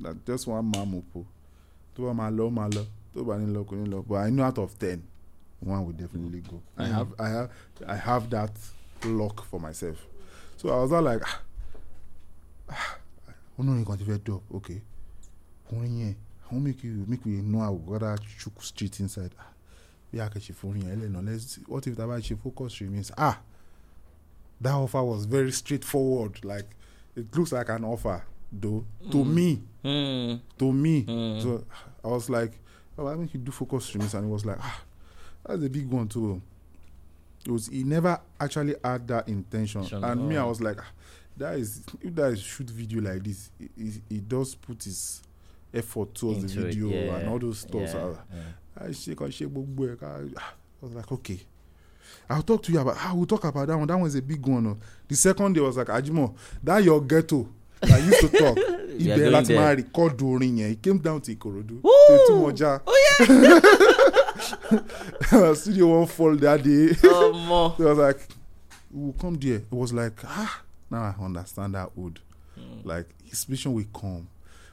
that just one mom opo. Tó bá máa lọ, máa lọ. Tó bá But I know out of ten, one will definitely go. Mm. I have, I have, I have that luck for myself. So I was all like, ah, ah, olórin kan ti fẹ́ dọ̀, okay. Orin yẹn, I wan make you make we know how we a chuk street inside. Ah, bí a kẹ̀ ṣe fún orin yẹn what if that a bá focus remains? Ah. that offer was very straightforward. Like it looks like an offer, though to mm. me, mm. to me. Mm. So I was like, oh, why don't you do focus streams? And it was like, ah, that's a big one too. It was he never actually had that intention, and me, I oh. was like, ah, that is if that is shoot video like this, he, does put his effort towards Into the video it, yeah. and all those stuff. Yeah, I, yeah. I shake I was like, okay. I'll talk to you about how ah, we'll talk about that one. That one's a big one. Oh. The second day was like Ajimo, that your ghetto. I used to talk. Ibẹ̀ láti máa record orin yẹn. He came down to Ikorodu. Tetumoja. Oh yeah. Studio not fall that day. Um, he was like, "We'll come there." It was like, ah, now I understand that wood. Mm. Like his mission will come.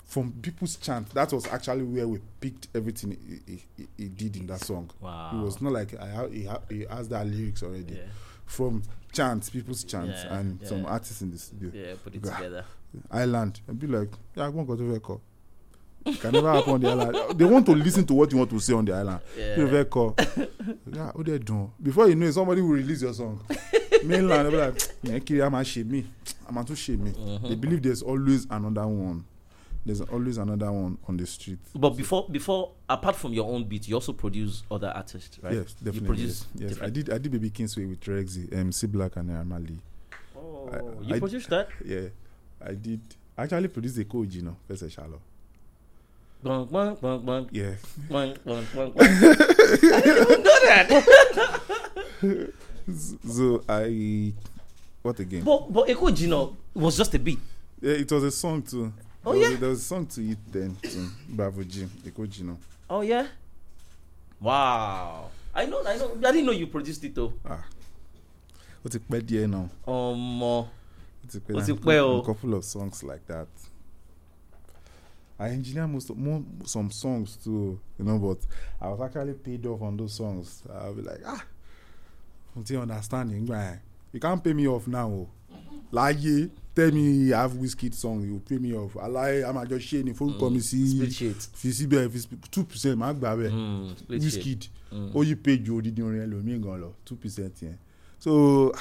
from people's chant, that was actually where we picked everything he, he, he did in that song. Wow. It was not like I, he, he has that lyrics already. Yeah. From chants, people's chants, yeah, and yeah. some artists in the studio. Yeah, put it Go, together. Island. And be like, yeah, I won't go to record. It can never happen on the island. They want to listen to what you want to say on the island. Yeah. You record. yeah, what they doing? Before you know it, somebody will release your song. Mainland, they'll be like, yeah, I'm a shame me. I'm a too shame me. They mm-hmm. believe there's always another one. there's always another one on the street. But before before apart from your own beat, you also produce other artists, right? Yes, definitely. You produce yes. yes. I did I did Baby Kingsway with Rexy, um, C Black and Amali. Oh, I, you I produced that? Yeah, I did. I actually produced the Koji, you know, first a shallow. Bang, bang, bang, bang. Yeah. Bang, bang, bang, bang. I didn't even know that. so, I, what again? But but Eko you know, was just a beat. Yeah, it was a song too. Oh there yeah, was, there was a song to it then, to Bravo G, Ekoji now. Oh yeah, wow. I know, I know. I didn't know you produced it though. Ah, ó ti pẹ́ díẹ̀ now. Ọmọ, ó ti pẹ́. Ó o. A couple of songs like that. I engineer most of, more, some songs too, you know, but I was actually paid off on those songs. I'll be like, ah, until understanding, man, you can't pay me off now. Láyé. Like, tell me I have whiskey song you pay me off alaye a máa jọ ṣe ni forúkọ mm, mi sí fi síbẹ̀ fi two percent máa gbà bẹ́ẹ̀ mm, whiskey mm. ó yí péjì odidi orin ẹlòmíì gan lọ two percent yẹn so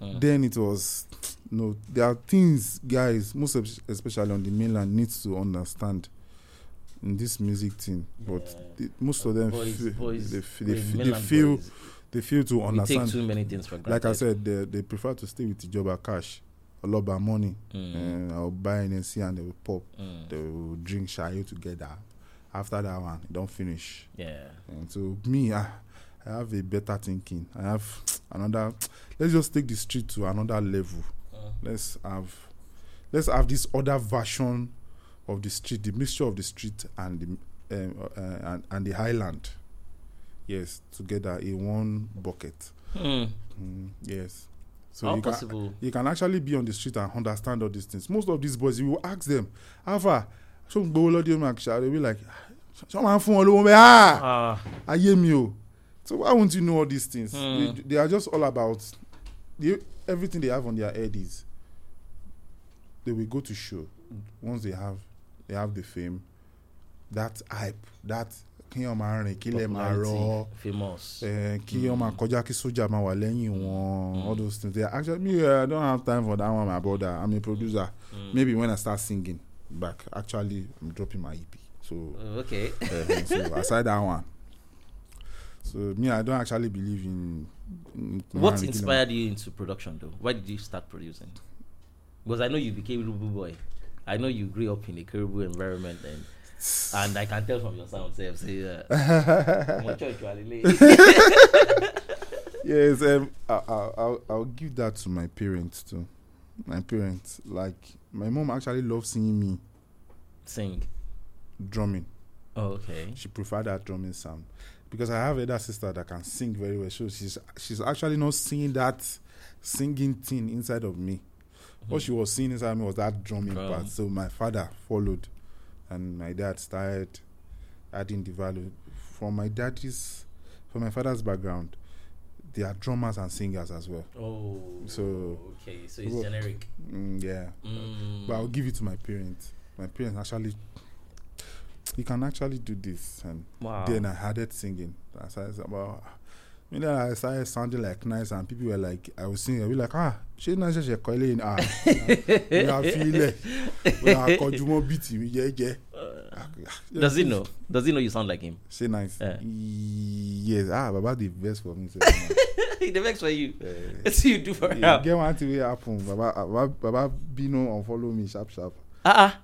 mm. then it was you no know, there are things guys most especially on the mainland need to understand in this music thing but the, most of them boys, feel, boys, they, feel they feel to understand we take too many things for granted like I said they, they prefer to stay with Ijoba cash. a lot of money. Mm. Eh, I'll buy N C and they will pop. Mm. They will drink shayo together. After that one, don't finish. Yeah. And so me, I, I have a better thinking. I have another. Let's just take the street to another level. Uh. Let's have, let's have this other version of the street, the mixture of the street and the um, uh, and, and the highland. Yes, together in one bucket. Hmm. Mm. yes. So How you possible? Can, you can actually be on the street and understand all these things. Most of these boys, you will ask them, Alpha, so go the way, mark shall they be like someone fún ah, ah ayé mi so why won't you know all these things hmm. they, they are just all about they, everything they have on their head is they will go to show once they have they have the fame that hype that kí wọ́n máa rìn kí lè máa rọ kí wọ́n máa kọjá kí sójà máa wà lẹ́yìn wọn mm. all those things there actually me uh, I don't have time for that one my brother I'm a producer mm. maybe when I start singing back actually I'm dropping my EP so oh, okay uh, so aside that one so me I don't actually believe in. in what in inspired you into production though why did you start producing because I know you became Rubu boy I know you grew up in a Caribbean environment and and I can tell from your sound, say, say uh, yes, um, I, will I'll give that to my parents too. My parents, like my mom, actually loves seeing me sing, drumming. Oh, okay. She preferred that drumming sound because I have another sister that can sing very well. So she's she's actually not seeing that singing thing inside of me. What hmm. she was seeing inside me was that drumming part. So my father followed and my dad started adding the value from my dad's from my father's background they are drummers and singers as well oh so okay so it's generic mm, yeah mm. but i'll give it to my parents my parents actually you can actually do this and wow. then i it singing then I started sounding like nice, and people were like, I was singing, I be like, ah, ṣé not just a ilé ah we are feeling we are kọjúmọ́ bìtì yeah, uh, yeah." does he know does he know you sound like him. say nice yeah. yes ah baba the best for me. The best for you uh, wetin you do for him. get one thing wey happen baba be uh, baba bino unfollow me sharp sharp. ah ah.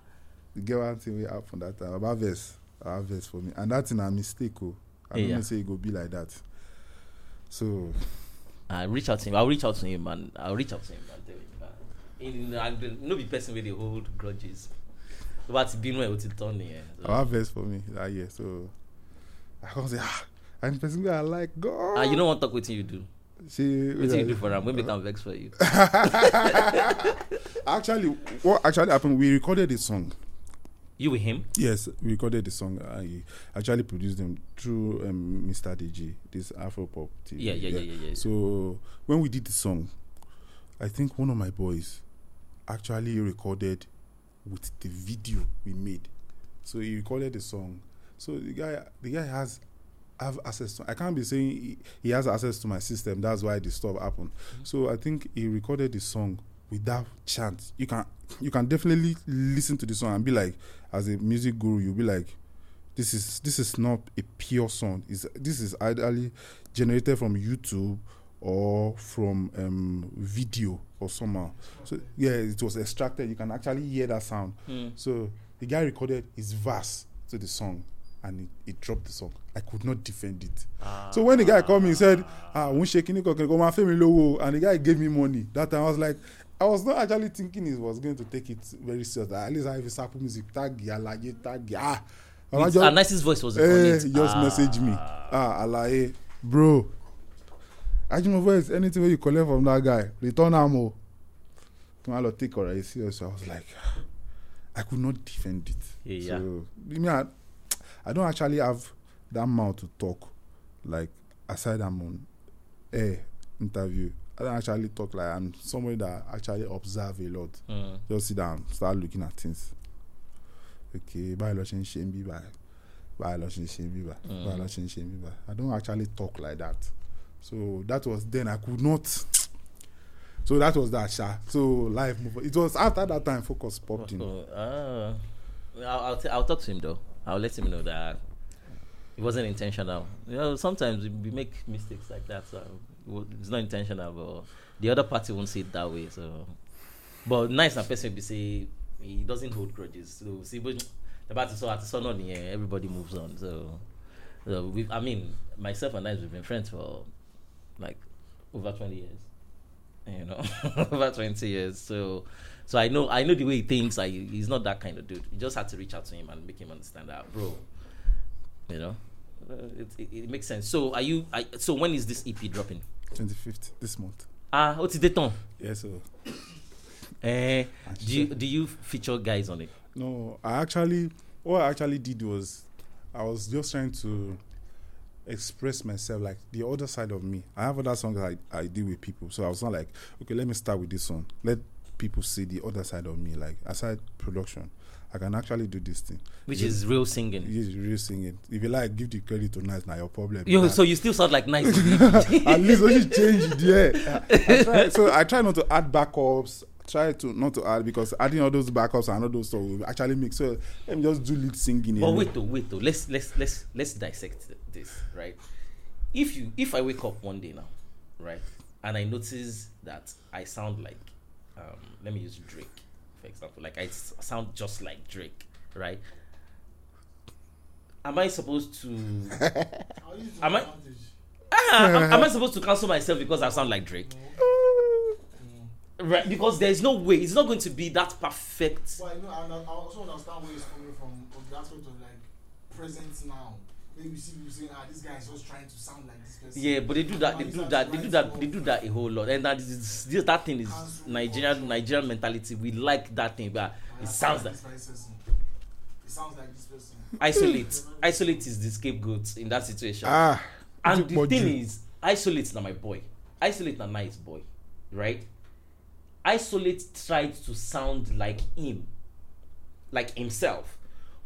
get one thing we happen that time baba vex baba vex for me and that's in a mistake oh. i no know say it e go be like that. So I reach out to him. I'll reach out to him and I'll reach out to him and tell him that in, not no be person with the old grudges. But been where it's done here. So. Our best for me that year, so I can't say ah and the person I like go. Ah, you don't want to talk with you do. See, what you do for them? we become uh, vex for you. actually, what actually happened? We recorded a song. You with him? Yes, we recorded the song. I actually produced them through um, Mr. DG, this Afro pop. Yeah, yeah, yeah, yeah, yeah, yeah. So when we did the song, I think one of my boys actually recorded with the video we made. So he recorded the song. So the guy, the guy has have access to. I can't be saying he, he has access to my system. That's why the stuff happened. Mm-hmm. So I think he recorded the song Without chance, chant, you can you can definitely listen to the song and be like, as a music guru, you'll be like, this is this is not a pure song. Is this is ideally generated from YouTube or from um, video or somehow. So yeah, it was extracted. You can actually hear that sound. Mm. So the guy recorded his verse to the song and he, dropped the song. I could not defend it. Ah. So when the guy called me, he said, "Ah, won't shake any cock, come my family, low." And the guy gave me money. That time I was like, I was not actually thinking it was going to take it very serious. At least I have a sample music tag, alaye tag, ah. With just, nicest voice was eh, on it. Just ah. message me, ah, alaye, bro. Ajimo voice, anything wey you collect from that guy, return am o. Kí wọ́n á lọ take ọ̀rọ̀ yìí serious. I was like, I could not defend it. Yeah. So, I mean, I, I don't actually have that mouth to talk, like aside I'm on air interview. I don't actually talk like I'm somebody that actually observe a lot. Mm. Just sit down, start looking at things. Okay, bye, lọ ṣe ń ṣe ń bí báyìí, báyìí lọ ṣe ń ṣe mm. ń bí I don't actually talk like that. So that was then I could not. So that was that sha. So life move. It was after that time focus popped in. Uh, I'll, I'll, t- I'll talk to him though. I'll let him know that it wasn't intentional. You know, sometimes we make mistakes like that. So it's not intentional, but the other party won't see it that way. So, but nice and person will say he doesn't hold grudges. So see, but the party so at so on here, everybody moves on. So, so we, I mean, myself and I, we've been friends for like over twenty years. You know, over twenty years. So. So I know I know the way he thinks. I, he's not that kind of dude. You just had to reach out to him and make him understand that, bro. You know. Uh, it, it, it, makes sense. So are you? Are, so when is this EP dropping? Twenty fifth this month. Ah, what's the time? Yes, Uh, do you, do you feature guys on it? No, I actually what I actually did was I was just trying to express myself like the other side of me. I have other songs I I deal with people, so I was not like okay, let me start with this one. Let people see the other side of me, like aside production. I can actually do this thing. Which you, is real singing. Is real singing. If you like, give the credit to Nice. Now your problem. Yo, so you still sound like Nice. At least when you change it, yeah. I, I try, so I try not to add backups. Try to not to add because adding all those backups and all those stuff will actually make so let me just do lead singing. But wait though, wait though. Let's let's let's let's dissect this, right? If you if I wake up one day now, right, and I notice that I sound like um, let me use Drake example, like I sound just like Drake, right? Am I supposed to? am I? Ah, am, am I supposed to cancel myself because I sound like Drake? Mm. Right, because there's no way it's not going to be that perfect. Well, you know, and I also understand where it's coming from, from the aspect of like present now. Then you see people saying, ah, this guy is just trying to sound like this person. Yeah, but they do that. They do that. They do that. They do that a whole lot. And that is this, that thing is Nigerian Nigerian mentality. We like that thing, but it sounds like. It sounds like this person. Isolate. Isolate is the scapegoat in that situation. Ah, and the thing you. is, isolate na my boy. Isolate na nice boy, right? Isolate tried to sound like him, like himself.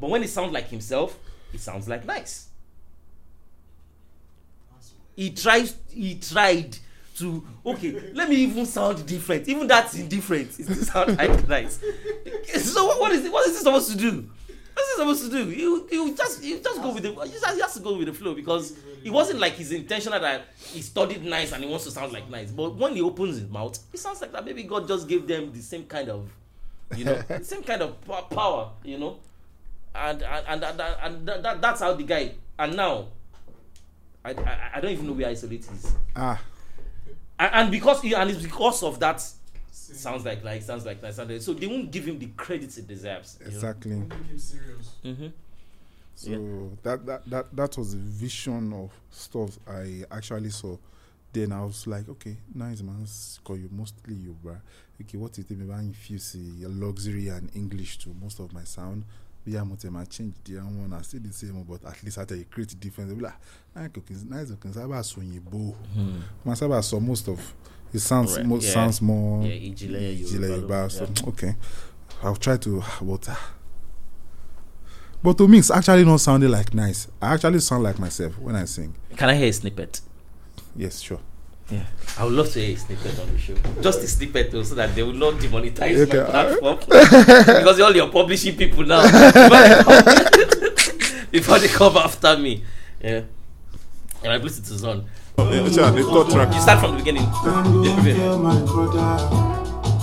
But when it sounds like himself, it sounds like nice he tries he tried to okay let me even sound different even that's indifferent it still sound like nice so what, what is it what is this supposed to do what is it supposed to do you you just you just go with the you just, you just go with the flow because it wasn't like his intention that he studied nice and he wants to sound like nice but when he opens his mouth it sounds like that maybe god just gave them the same kind of you know the same kind of power you know and and and, and, and that, that's how the guy and now I, I, I, don't even know where isolate is. Ah. And, and because and it's because of that sounds like like sounds like nice. like, so they won't give him the credit he deserves. Exactly. Mm-hmm. So yeah. that, that that that was a vision of stuff I actually saw. Then I was like, okay, nice man, call you mostly you, bruh. Okay, what is it? Maybe I infuse a luxury and English to most of my sound. Yeah, mo tẹ̀ máa change díẹ̀ wọn na still the same but at least I tell you, create difference bíi náà ah, kò sábà sọ òyìnbó hmm. máa sábà saw most of it sounds right. most yeah. sounds more Yeah, ìjìnlẹ̀ yeah, Yorùbá so yeah. okay I'll try to but uh, but to mix actually not sounding like nice I actually sound like myself when I sing. Can I hear a snippet? Yes, sure. Yeah. I would love to hear a snippet on the show. Just a snippet though, so that they will not demonetize okay. my platform. because all your publishing people now before they come after me. Yeah. And I put it to Zon. You start from the beginning. Yeah, my brother.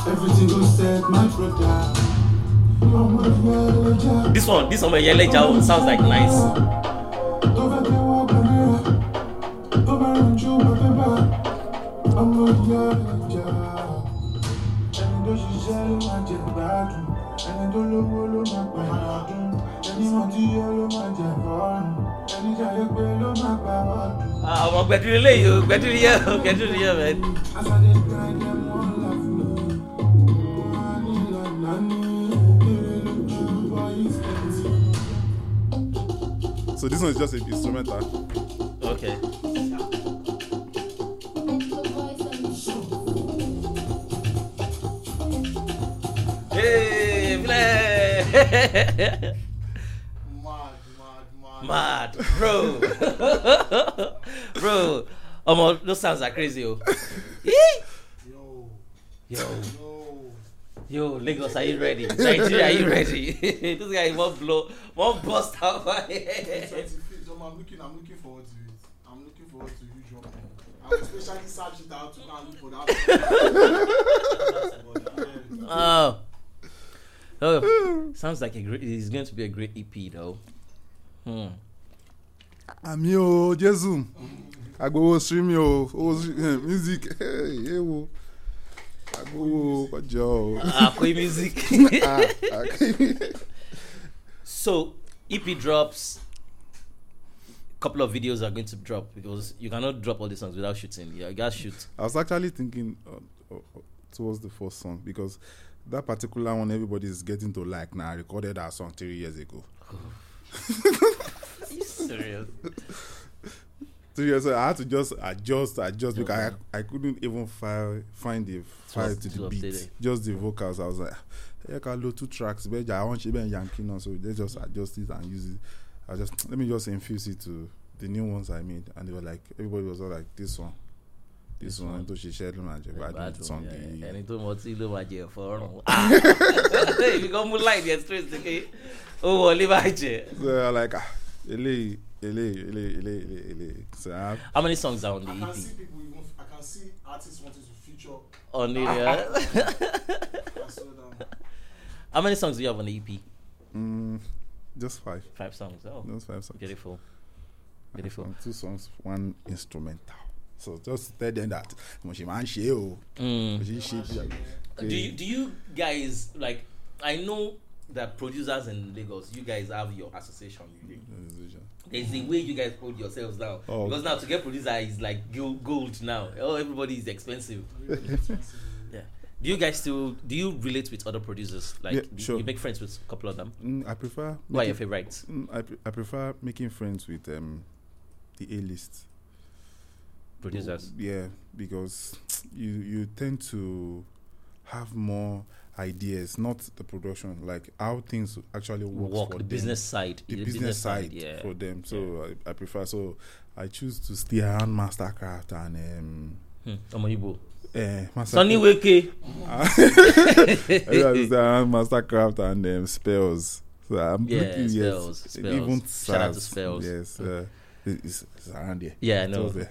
Everything was said, my brother. This one, this one, my yellow jaw sounds like nice. ọmọ ìyá ìjà ẹni tó ṣiṣẹ́ ló máa jẹ gbádùn ẹni tó lówó ló máa pẹ̀ ọdún ẹni mọ̀ tí yọ ló máa jẹ fọ́ọ̀rùn ẹni ṣàlẹ́ pé ló máa pa ọdún. Ah, ọmọ gbẹdúrú lè yọ gbẹdúrú yẹ ọ gbẹdúrú yẹ bẹ́ẹ̀. asàlẹ̀ ìgbà jẹ́ mọ́ ọ̀la fún mi wọ́n á ní ìlànà ní ìbéèrè lójú boys So this one is just an instrumental. Okay. mad, mad, mad. Mad, bro. bro. Omo, those sounds are crazy, yo. Yo. Yo. Yo, Lagos, are you ready? Nigeria, are you ready? this guy won't blow, won't bust out my head. I'm looking, I'm looking forward to it. I'm looking forward to you dropping. I'm especially searching out to go and look for that. Oh. Oh, hmm. sounds like a great, it's going to be a great EP though. Hmm. Àmì o Jésù, I stream o, your eh, music, ewo, agbowó ọjọ́ o. Ah, Àpé music. Ah, so EP drops, couple of videos are going to drop because you cannot drop all the songs without shooting. You gotta shoot. I was actually thinking uh, uh, uh towards the first song because that particular one everybody is getting to like now. I recorded that song three years ago. Are you serious? three years ago, I had to just adjust, adjust because I, I couldn't even file, find the file just to the beat, updated. just the vocals. I was like, yeah, I load two tracks, but I want to be yanking on, so they just adjust it and use it. I just let me just infuse it to the new ones I made, and they were like, everybody was all like, this one this one tó ṣiṣẹ́ ló máa jẹ gbádùn sunday yìí. ẹni tó mọ tí ló máa jẹ ẹ̀fọ́ ọ̀rùn ibi kan mú láì ní express ti pé ó wọlé máa jẹ. so i like ah eléyìí eléyìí eléyìí eléyìí eléyìí so i have. how many songs are on the ep. i can see people even i can see artists wanting to feature. on the uh, how many songs do you have on the ep. Mm, just five. five songs oh. just five songs. beautiful. beautiful. two songs one instrumental. So just tell them that mo she, máa mm. Do you do you guys like I know that producers in Lagos you guys have your association There's a way you guys hold yourselves down oh. because now to get producer is like gold now. Oh, everybody is expensive. yeah. Do you guys still do you relate with other producers? Like yeah, sure. you make friends with a couple of them? Mm, I prefer. Why making, your Mm, I, pre- I prefer making friends with um, the A list producers. Yeah, because you you tend to have more ideas, not the production, like how things actually work. For the them. business side, the, the business, business, side, side yeah. for them. So yeah. I, I, prefer. So I choose to stay on Mastercraft and um, hmm. Omoibo. Uh, eh, Sonny Weke. Mastercraft and um, spells. So I'm yeah, looking, spells, yes, spells. Even Shout out to spells. Yes. Hmm. Uh, it's, around here. Yeah, I know. The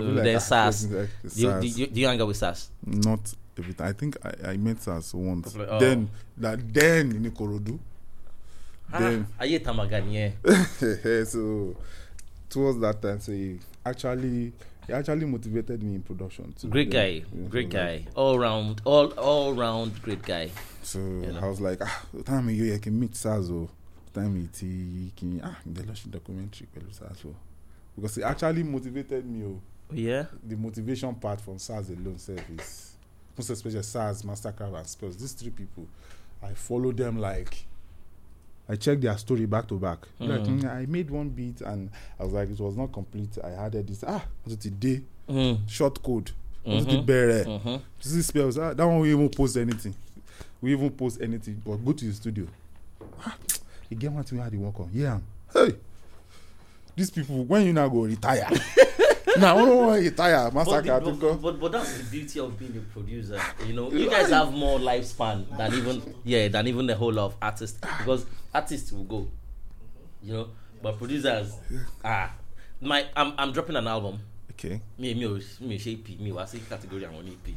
then ah, SARS. the do, you, do hang out with SARS? Not every time. I think I, I met SARS once. Oh. Then that then in Ikorodu. Ah, then I hate Tamagani. so towards that time, so he actually he actually motivated me in production. Too. Great guy, yeah, great guy, like, all round, all all round great guy. So you know? I was like, ah, time you I can meet Sazo time it kìíní ah the lọ documentary pẹ̀lú because it actually motivated me o. Oh, yeah? the motivation part from SARS alone sef is most especially SARS Mastercraft and Spurs these three people I follow them like I checked their story back to back. Mm. Like, mm, I made one beat and I was like, it was not complete. I added this. Ah, what's the day? Mm. Short code. mm-hmm. Mm-hmm. This is spells. Ah, that one we even post anything. We even post anything. But go to the studio. Ah, e get one thing wey i dey work on hear am hey these people when you now go retire now nah, i don't want to retire master but, but, but but that's the beauty of being a producer you know you guys have more lifespan than even yeah than even the whole lot of artists because artists will go you know but producers ah my i'm i'm dropping an album okay. mi mi ò mi ò ṣe ep mi wá category àwọn ní ep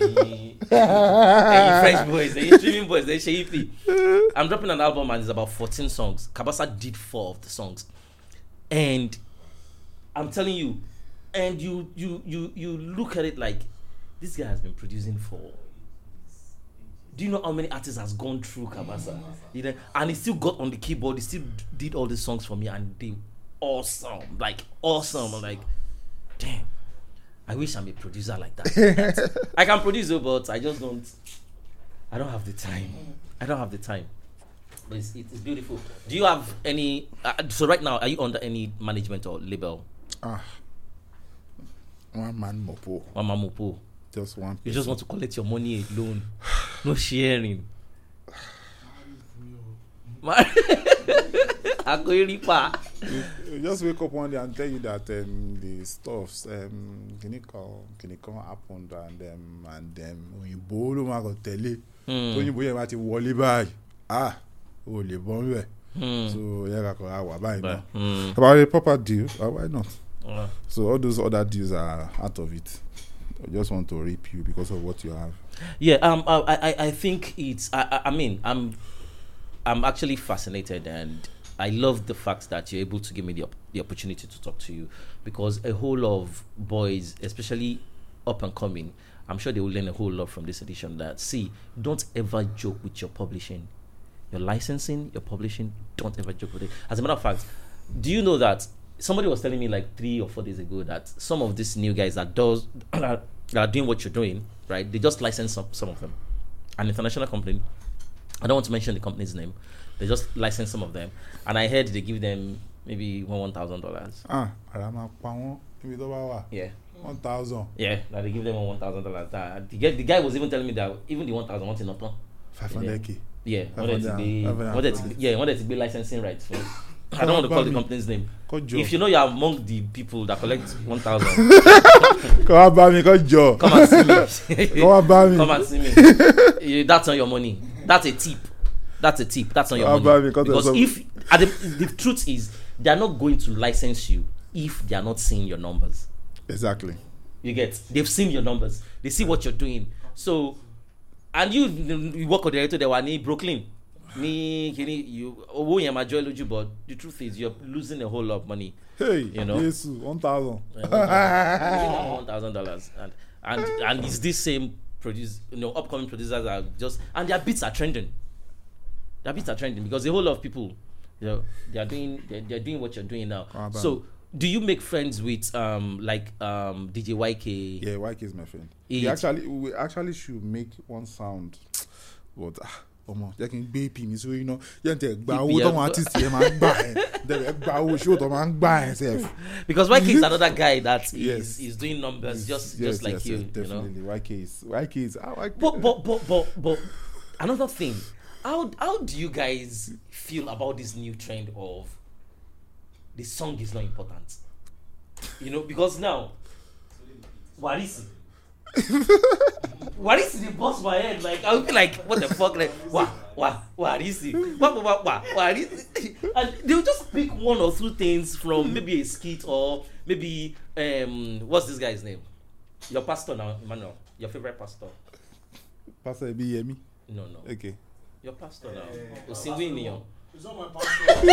ẹyin ẹyin french boys ẹyin streaming boys ẹyin ṣe ep i'm dropping an album and it's about fourteen songs kabasa did four of the songs and i'm telling you and you you you you look at it like this guy has been producing for do you know how many artists has gone through kabasa you know and he still got on the keyboard he still did all the songs for me and they awesome like awesome like damn, I wish I'm a producer like that. I can produce though, but I just don't. I don't have the time. I don't have the time. But it's, it's beautiful. Do you have any? Uh, so right now, are you under any management or label? Ah, one man mopo. One man mopo. Just one. Person. You just want to collect your money alone, no sharing. Akoiripa. Just wake up one day and tell you that um, the stuffs, um, clinical, clinical happened and um, and um, òyìnbó ló máa kàn tẹ̀lé. Hmm. Tóyìnbó yẹn bá ti wọlé báyìí, ah, o lè bọ́ nbẹ̀. Hmm. So yẹ ká kọ́ àwà báyìí náà. About the hmm. proper deal, why not? Uh. So all those other deals are out of it. I just want to rip you because of what you have. Yeah, um, I, I, I think it's. I, I mean, I'm, I'm actually fascinated and I love the fact that you're able to give me the, op- the opportunity to talk to you because a whole lot of boys, especially up and coming, I'm sure they will learn a whole lot from this edition. That see, don't ever joke with your publishing, your licensing, your publishing. Don't ever joke with it. As a matter of fact, do you know that somebody was telling me like three or four days ago that some of these new guys that does that are doing what you're doing, right? They just license some, some of them, an international company. I don't want to mention the company's name, they just license some of them, and I heard they give them maybe one one thousand dollars. Ah, yeah. One thousand. Yeah, that they give them one thousand dollars. That the guy, the guy was even telling me that even the one thousand wants nothing. Five hundred k. Yeah, wanted to be, wanted to, yeah, wanted to be licensing rights for. I don't want to call the company's name. If you know you're among the people that collect 1,000, come and buy me. Come Joe. Come and see me. come and buy me. Come and see me. That's not your money. That's a tip. That's a tip. That's not your i ah, money. Because, if the, the truth is, they are not going to license you if they are not seeing your numbers. Exactly. You get. They've seen your numbers. They see what you're doing. So, and you, you work on the director. They were in Brooklyn. Me, kíní you owó you máa jọ but the truth is you're losing a whole lot of money. hey you know? yesu one thousand. one thousand dollars and and and it's this same produce you know upcoming producers are just and their beats are trending that are trending because a whole lot of people, you know, they are doing they're, they're doing what you're doing now. Ah, so do you make friends with um like um DJ YK? Yeah, YK is my friend. We actually we actually should make one sound, but. Ah, ọmọ jẹ́ kí n gbé èpì mi sórí iná jẹ́ n tẹ̀ gba owó tọ́wọ́n artist yẹn máa ń gbà ẹ̀ dẹ̀rẹ̀ gba owó ṣó tọ́ máa ń gbà ẹ̀ sef. because YK is another guy that is yes. is doing numbers yes, just yes, just like yes, you. Yes, you definitely know? YK is YK is. Ah, but, but but but but another thing how how do you guys feel about this new trend of the song is not important? You know, because now What is what is the boss my head like I be like what the fuck like what wa Warisi wa wa what what is it? and they will just pick one or two things from maybe a skit or maybe um what's this guy's name your pastor now Emmanuel your favourite pastor. Pastor Ebiyemi. No no. Okay. Your pastor now. Hey, Osiwini. Hey, it's not He's not my pastor. He's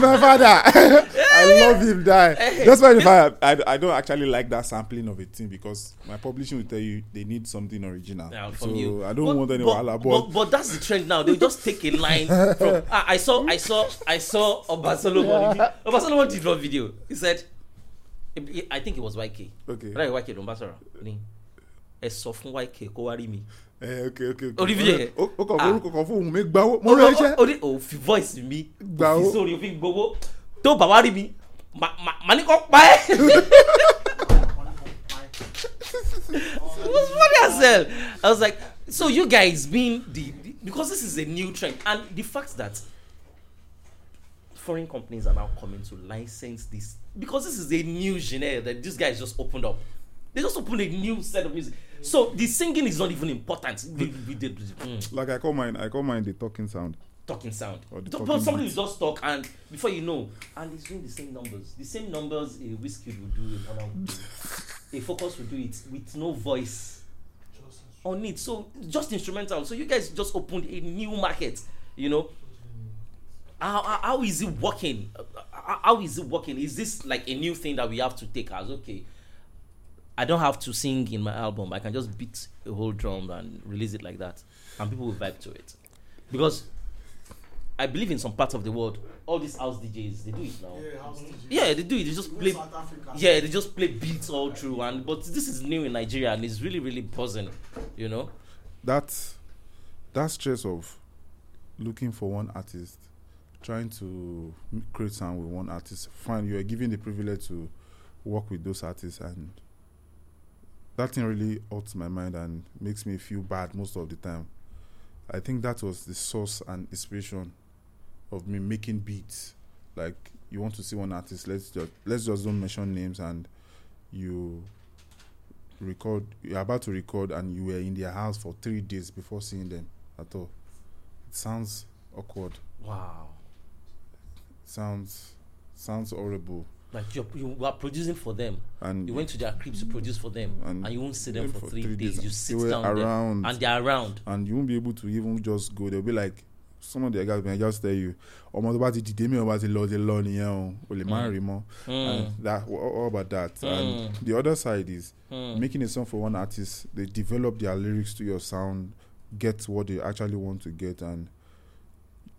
my father. I love him, die. That's why I, I, I don't actually like that sampling of a thing because my publishing will tell you they need something original. Yeah, so you. I don't but, want any but, But, but, that's the trend now. They just take a line from. Ah, I saw, I saw, I saw Obasolomon. Obasolomon did one video. He said, I think it was YK. Okay. Right, YK Lombasara. ẹ sọ fún yk kó wá rí mi. ẹ ok ok ok Olivier ó kàn ah. fún orúkọ fún ohun mi gbawó mo rẹ iṣẹ́. ó ní voice mi òfin sórí òfin gbowó tó bá wá rí mi màá ní kó pa ẹ́. it was funny as hell I was like so you guys being the, the because this is a new trend and the fact that foreign companies are now coming to license this because this is a new genre that this guy just opened up They just opened a new set of music. So the singing is not even important. Mm. Like I call mine, I call mine the talking sound. Talking sound. Or the talking but somebody will just talk, and before you know, and he's doing the same numbers. The same numbers a whiskey will do, a do, a focus will do it with no voice on it. So just instrumental. So you guys just opened a new market. You know, how, how, how is it working? how is it working? Is this like a new thing that we have to take as okay? I don't have to sing in my album. I can just beat a whole drum and release it like that, and people will vibe to it. Because I believe in some parts of the world, all these house DJs they do it now. Yeah, house DJs. yeah they do it. They just play. Yeah, they just play beats all through. And but this is new in Nigeria, and it's really really buzzing. You know. That's that stress of looking for one artist, trying to create sound with one artist. Fine, you are given the privilege to work with those artists and that thing really hurts my mind and makes me feel bad most of the time. I think that was the source and inspiration of me making beats. Like you want to see one artist, let's just let's just don't mention names and you record you're about to record and you were in their house for three days before seeing them at all. It sounds awkward. Wow. sounds sounds horrible. Like you're, you are producing for them. And you went to their cribs to produce for them, and, mm. and you won't see them for, for three, three, days. days. You sit down around, there, and they're around, and you won't be able to even just go. They'll be like, some of the guys may just tell you, 'Almost about the ti about the ò the ti lọ ti lọ nìyẹn o, mm. mm. that all about that. Mm. And the other side is mm. making a song for one artist. They develop their lyrics to your sound, get what they actually want to get, and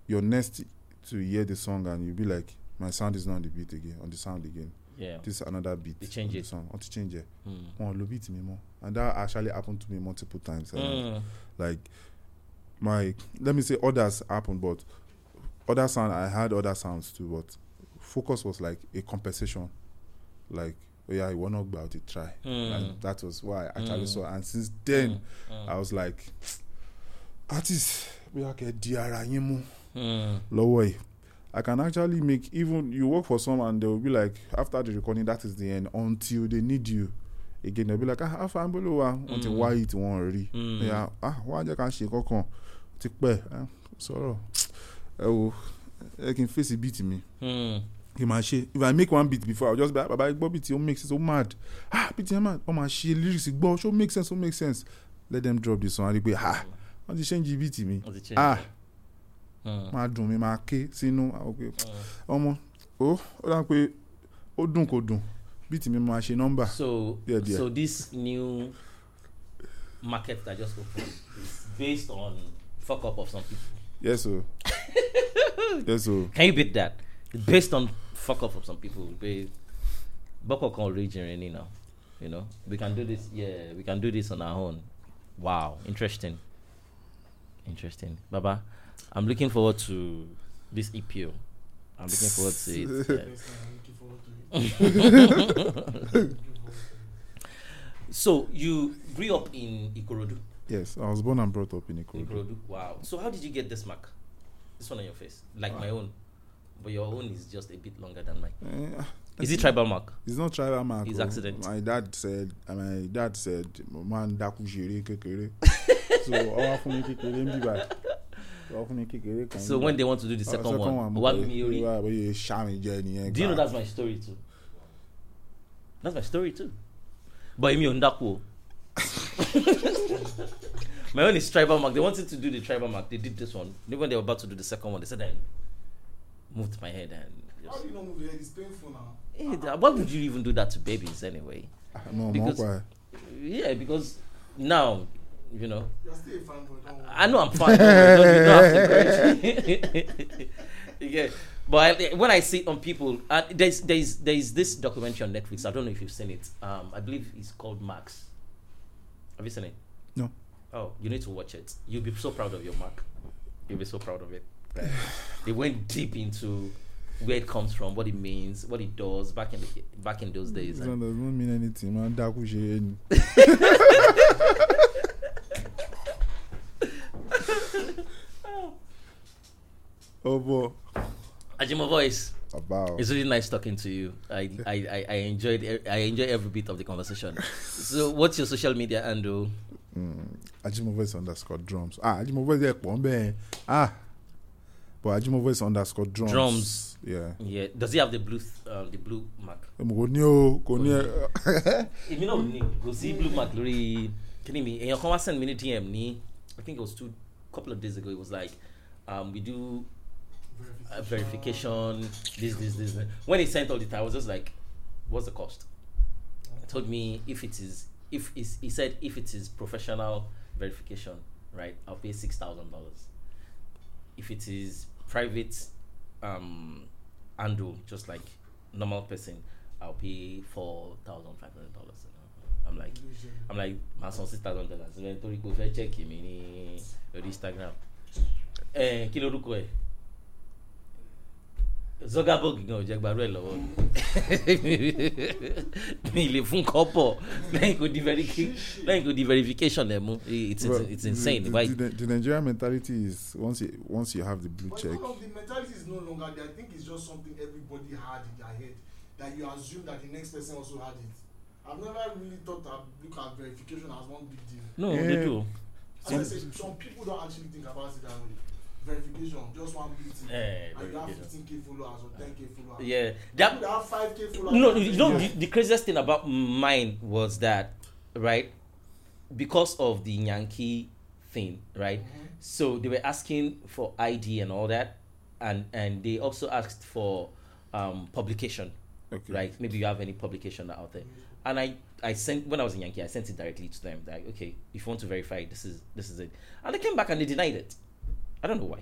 your next to hear the song and you'll be like. my sound is not on the beat again, on the sound again. Yeah. This is another beat. They change it. The song. I want to change it. Mm. Oh, beat me more. And that actually happened to me multiple times. Mm. Like my let me say others happened, but other sound I had other sounds too, but focus was like a compensation. Like oh yeah, I want to about to try. Mm. And that was why I actually mm. saw. And since then hmm. Hmm. I was like artist, we are get DRI. Low way. I can actually make even you work for someone, and they will be like after the recording that is the end until they need you again they'll be like ah afa below, until mm. why it won't really." tí wọ́n mm. ah why á can't shake ṣe Take ti pẹ́ ah, sọ̀rọ̀ ẹ can face kí n fèsì bíìtì mi mm. kì máa if I make one beat before I'll just be like, ah, baba gbọ́ bíìtì make sense So mad ah bíìtì ẹ̀ mad ó máa ṣe lyrics gbọ́ ṣó make sense So make sense let them drop this one á rí i ah wọ́n ti change bíìtì me? ah. Uh. máa dùn mí máa ké sínú uh. ọmọ ó ó dá pé ó dùn kò dùn bí tèmi máa ṣe nọ́mbà. so yeah, so this new market that just opened is based on fuck up of some people. yes o yes o. can you beat that it's based on fuck up of some people bọ́kọ̀ kan raging ni now you know we can do this yeah we can do this on our own wow interesting interesting baba. I'm looking forward to this EPO. I'm looking forward to it. Yes. so you grew up in Ikorodu. Yes, I was born and brought up in Ikorodu. Ikorodu. Wow. So how did you get this mark? This one on your face, like wow. my own, but your own is just a bit longer than mine. Uh, is it tribal mark? It's not tribal mark. It's oh. accident. My dad said. Uh, my dad said, "Man, daku jere kekere." so, awa fun kekere mbi ba so when they want to do the second, second one, one Wagmiyori. Do you know that's my story too? That's my story too. But Emi Ondaku. my own is tribal mark. They wanted to do the tribal mark. They did this one. Even when they were about to do the second one, they said I moved my head and. Just, How do you not move your head? It's painful now. Eh, why would you even do that to babies anyway? Ah, no, because, no, why? Yeah, because now you know. You're still a fanboy. Don't worry. I know I'm fine. you don't have to yeah. But I, when I see on people, uh, there's there's there's this documentary on Netflix. I don't know if you've seen it. Um, I believe it's called Max. Have you seen it? No. Oh, you need to watch it. You'll be so proud of your mark. You'll be so proud of it. they went deep into where it comes from, what it means, what it does back in the, back in those days. It doesn't mean anything, man. oh boy. Ajima voice. About. It's really nice talking to you. I, I, I, I enjoyed I enjoy every bit of the conversation. so what's your social media handle? Mm, Ajimo voice underscore drums. Ah, Ajimo voice Ah. But Ajimo voice underscore drums. Drums. Yeah. Yeah. Does he have the blue uh, um, the blue mark? Eh, if you know, kò blue mark lórí Can you me èèyàn your conversation? send DM ní I think it was two couple of days ago, it was like, um, we do a uh, verification, this, this, this. When he sent all the time, I was just like, what's the cost? He told me if it is, if he said if it is professional verification, right, I'll pay six thousand dollars. If it is private, um, Andrew, just like normal person, I'll pay four thousand five hundred dollars. i'm like i'm like my son six thousand dollars rẹ torí pé o check mi ní orí instagram ẹ kí lorúkọ ẹ zogabog gan ò jẹ gbarú ẹ lọ́wọ́ mi lè fún kọpọ lẹ́yìn kò di verification ẹ mú it's Bro, it's insane. The, the, the, the Nigerian mentality is once you once you have the blue but check. but the mentality is no longer there I think it's just something everybody had in their head that you assume that the next person also had it. I've never really thought that look at verification as one big deal. No, yeah. they do. As I say, some people don't actually think about it that way. Verification, just one big thing. Yeah, and you have 15k followers or 10k followers. Yeah, that, people have 5k followers. No, you know, the, the craziest thing about mine was that, right, because of the Yankee thing, right? Mm-hmm. So they were asking for ID and all that, and and they also asked for um, publication, okay. right? Maybe you have any publication out there. Mm-hmm and I I sent when I was in Yankee, I sent it directly to them. Like, okay, if you want to verify, this is this is it. And they came back and they denied it. I don't know why.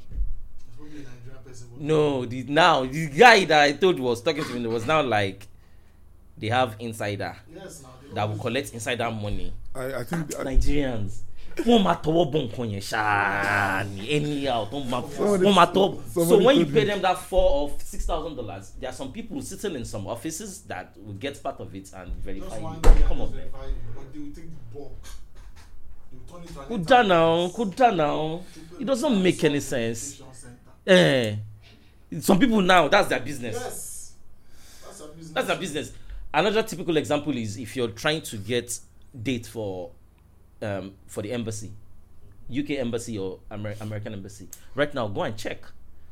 No, the, now the guy that I told was talking to me was now like they have insider yes, now they that will collect insider money. I, I think I, Nigerians wọ́n máa tọwọ́ bọ̀ nǹkan yẹn wọ́n máa so when you pay them that four of six thousand dollars there are some people sitting in some offices that will get part of it and verify you come on man. kódà náà kódà náà it doesn't make any sense eh, some people now that's their business yes. that's their business another typical example is if you're trying to get date for um, for the embassy, UK embassy or Amer- American embassy. Right now, go and check.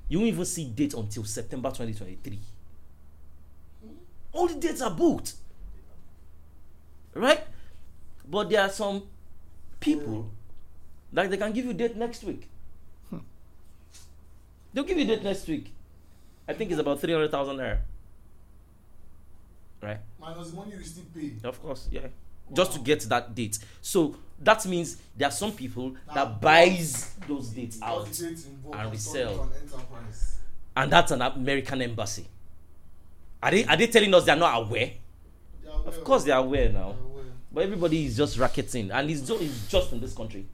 You won't even see date until September 2023. All the dates are booked, right? But there are some people that they can give you date next week. Hmm. They'll give you date next week. I think it's about three hundred thousand there. Right. Minus the money you still pay. Of course, yeah just to get that date. So that means there are some people that buys those dates out and resell. And that's an American embassy. Are they are they telling us they are not aware? They are aware of course they are aware now. aware. But everybody is just racketing and it's just, it's just in this country.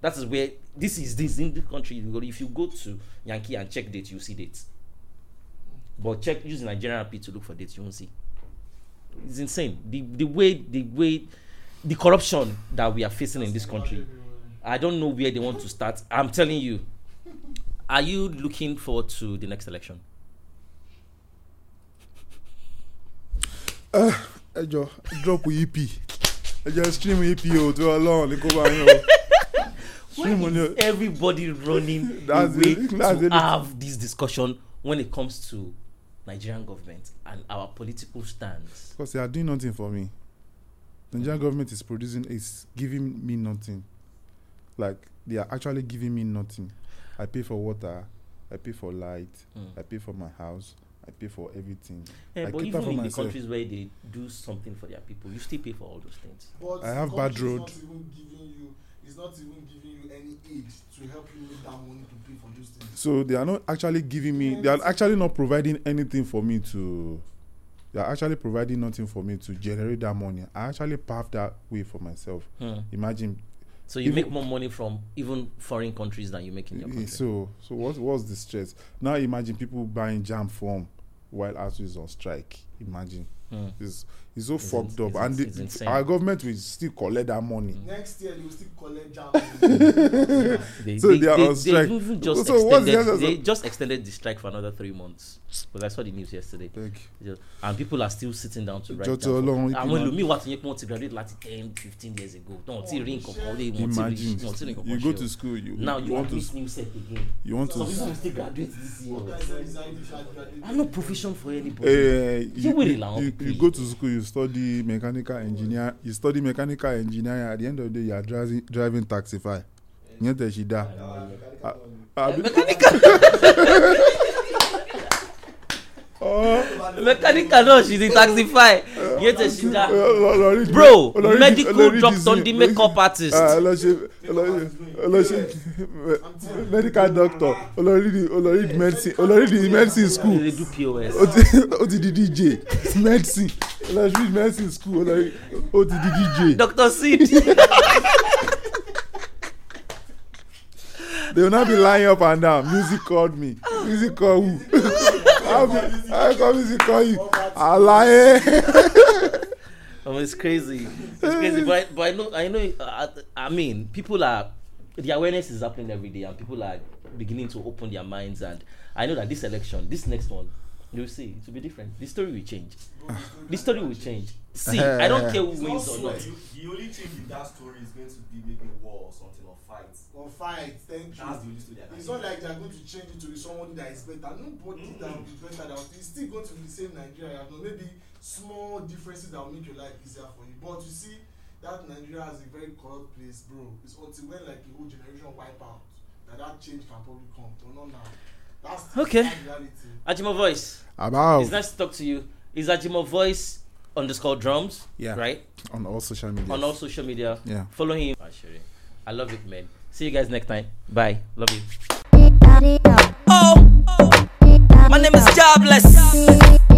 That is where this is this in this country. If you go to Yankee and check dates, you see dates. Mm. But check using Nigerian P to look for dates, you won't see it's insane. The the way the way the corruption that we are facing in this country. I don't know where they want to start. I'm telling you. Are you looking forward to the next election? Eh, ẹ jọ drop ep ẹ jọ stream ep o tí Ọlọ́run Why is everybody running that's away to have this discussion when it comes to Nigerian government and our political stance. Because they are doing nothing for me. Nigerian mm. government is producing is giving me nothing. Like they are actually giving me nothing. I pay for water, I pay for light, mm. I pay for my house, I pay for everything. Yeah, I but even in myself. the countries where they do something for their people, you still pay for all those things. But I have bad road is not even giving you any aid to help you make that money to pay for those things. So they are not actually giving me. They are actually not providing anything for me to. They are actually providing nothing for me to generate that money. I actually paved that way for myself. Hmm. Imagine. So you make more money from even foreign countries than you make in your eh, country. So so what what's the stress? Now imagine people buying jam from while ASU is on strike. Imagine. Mm. It's, it's so it's fucked in, up. and our government will still collect that money. Hmm. Next year, they will still collect that money. so they, they, they are on strike. They, just, so extended, they just extended the strike for another three months. Because I saw the news yesterday. And people are still sitting down to write Jojo down. Àwọn ìlú mi wà tó graduate 10, ten fifteen years ago. Don't rí nǹkan kan lé You go to school you, Now you want to new set again. You want to. I'm still graduate this year. I no provision for anybody. Eh, you wèrè you go to school, you study mechanical engineer, you study mechanical engineer. at the end of the day, you are driving, driving taxify. Yẹn tẹ̀ ṣì dáa. Mechanical. Ah, ah, Oh. mẹkáníkà náà ṣì ti taxify yé tẹ ṣì dá bro medical doctor di makeup artist. ọlọṣẹ ah, medical doctor olórí olórí medicine olórí di medicine school o ti di dj medicine olórí di medicine school olórí o ti di dj. dr sid. they will not be lying up and down music called me music call who. I come is call you? Alaye. Oh, it's crazy. It's crazy, but I, but I know I know. I, uh, I mean, people are the awareness is happening every day, and people are beginning to open their minds. And I know that this election, this next one, you'll see it will be different. The story will change. the story will change. See, I don't care who wins or not. The only change in that story is going to be maybe war or something fight. Or fight, thank That's you. the It's not like they're going to change it to someone that is better. Nobody mm. that will be better. it's still going to be the same Nigeria. You know, maybe small differences that will make your life easier for you. But you see, that Nigeria is a very corrupt place, bro. It's until when like a whole generation wipe out that that change can probably come. But not now. That's okay. Ajimo Voice. About. It's nice to talk to you. Is Ajimo Voice underscore drums? Yeah. Right? On all social media. On all social media. Yeah. Follow him. Actually. I love it, man. See you guys next time. Bye. Love you. Oh, oh. my name is Jobless.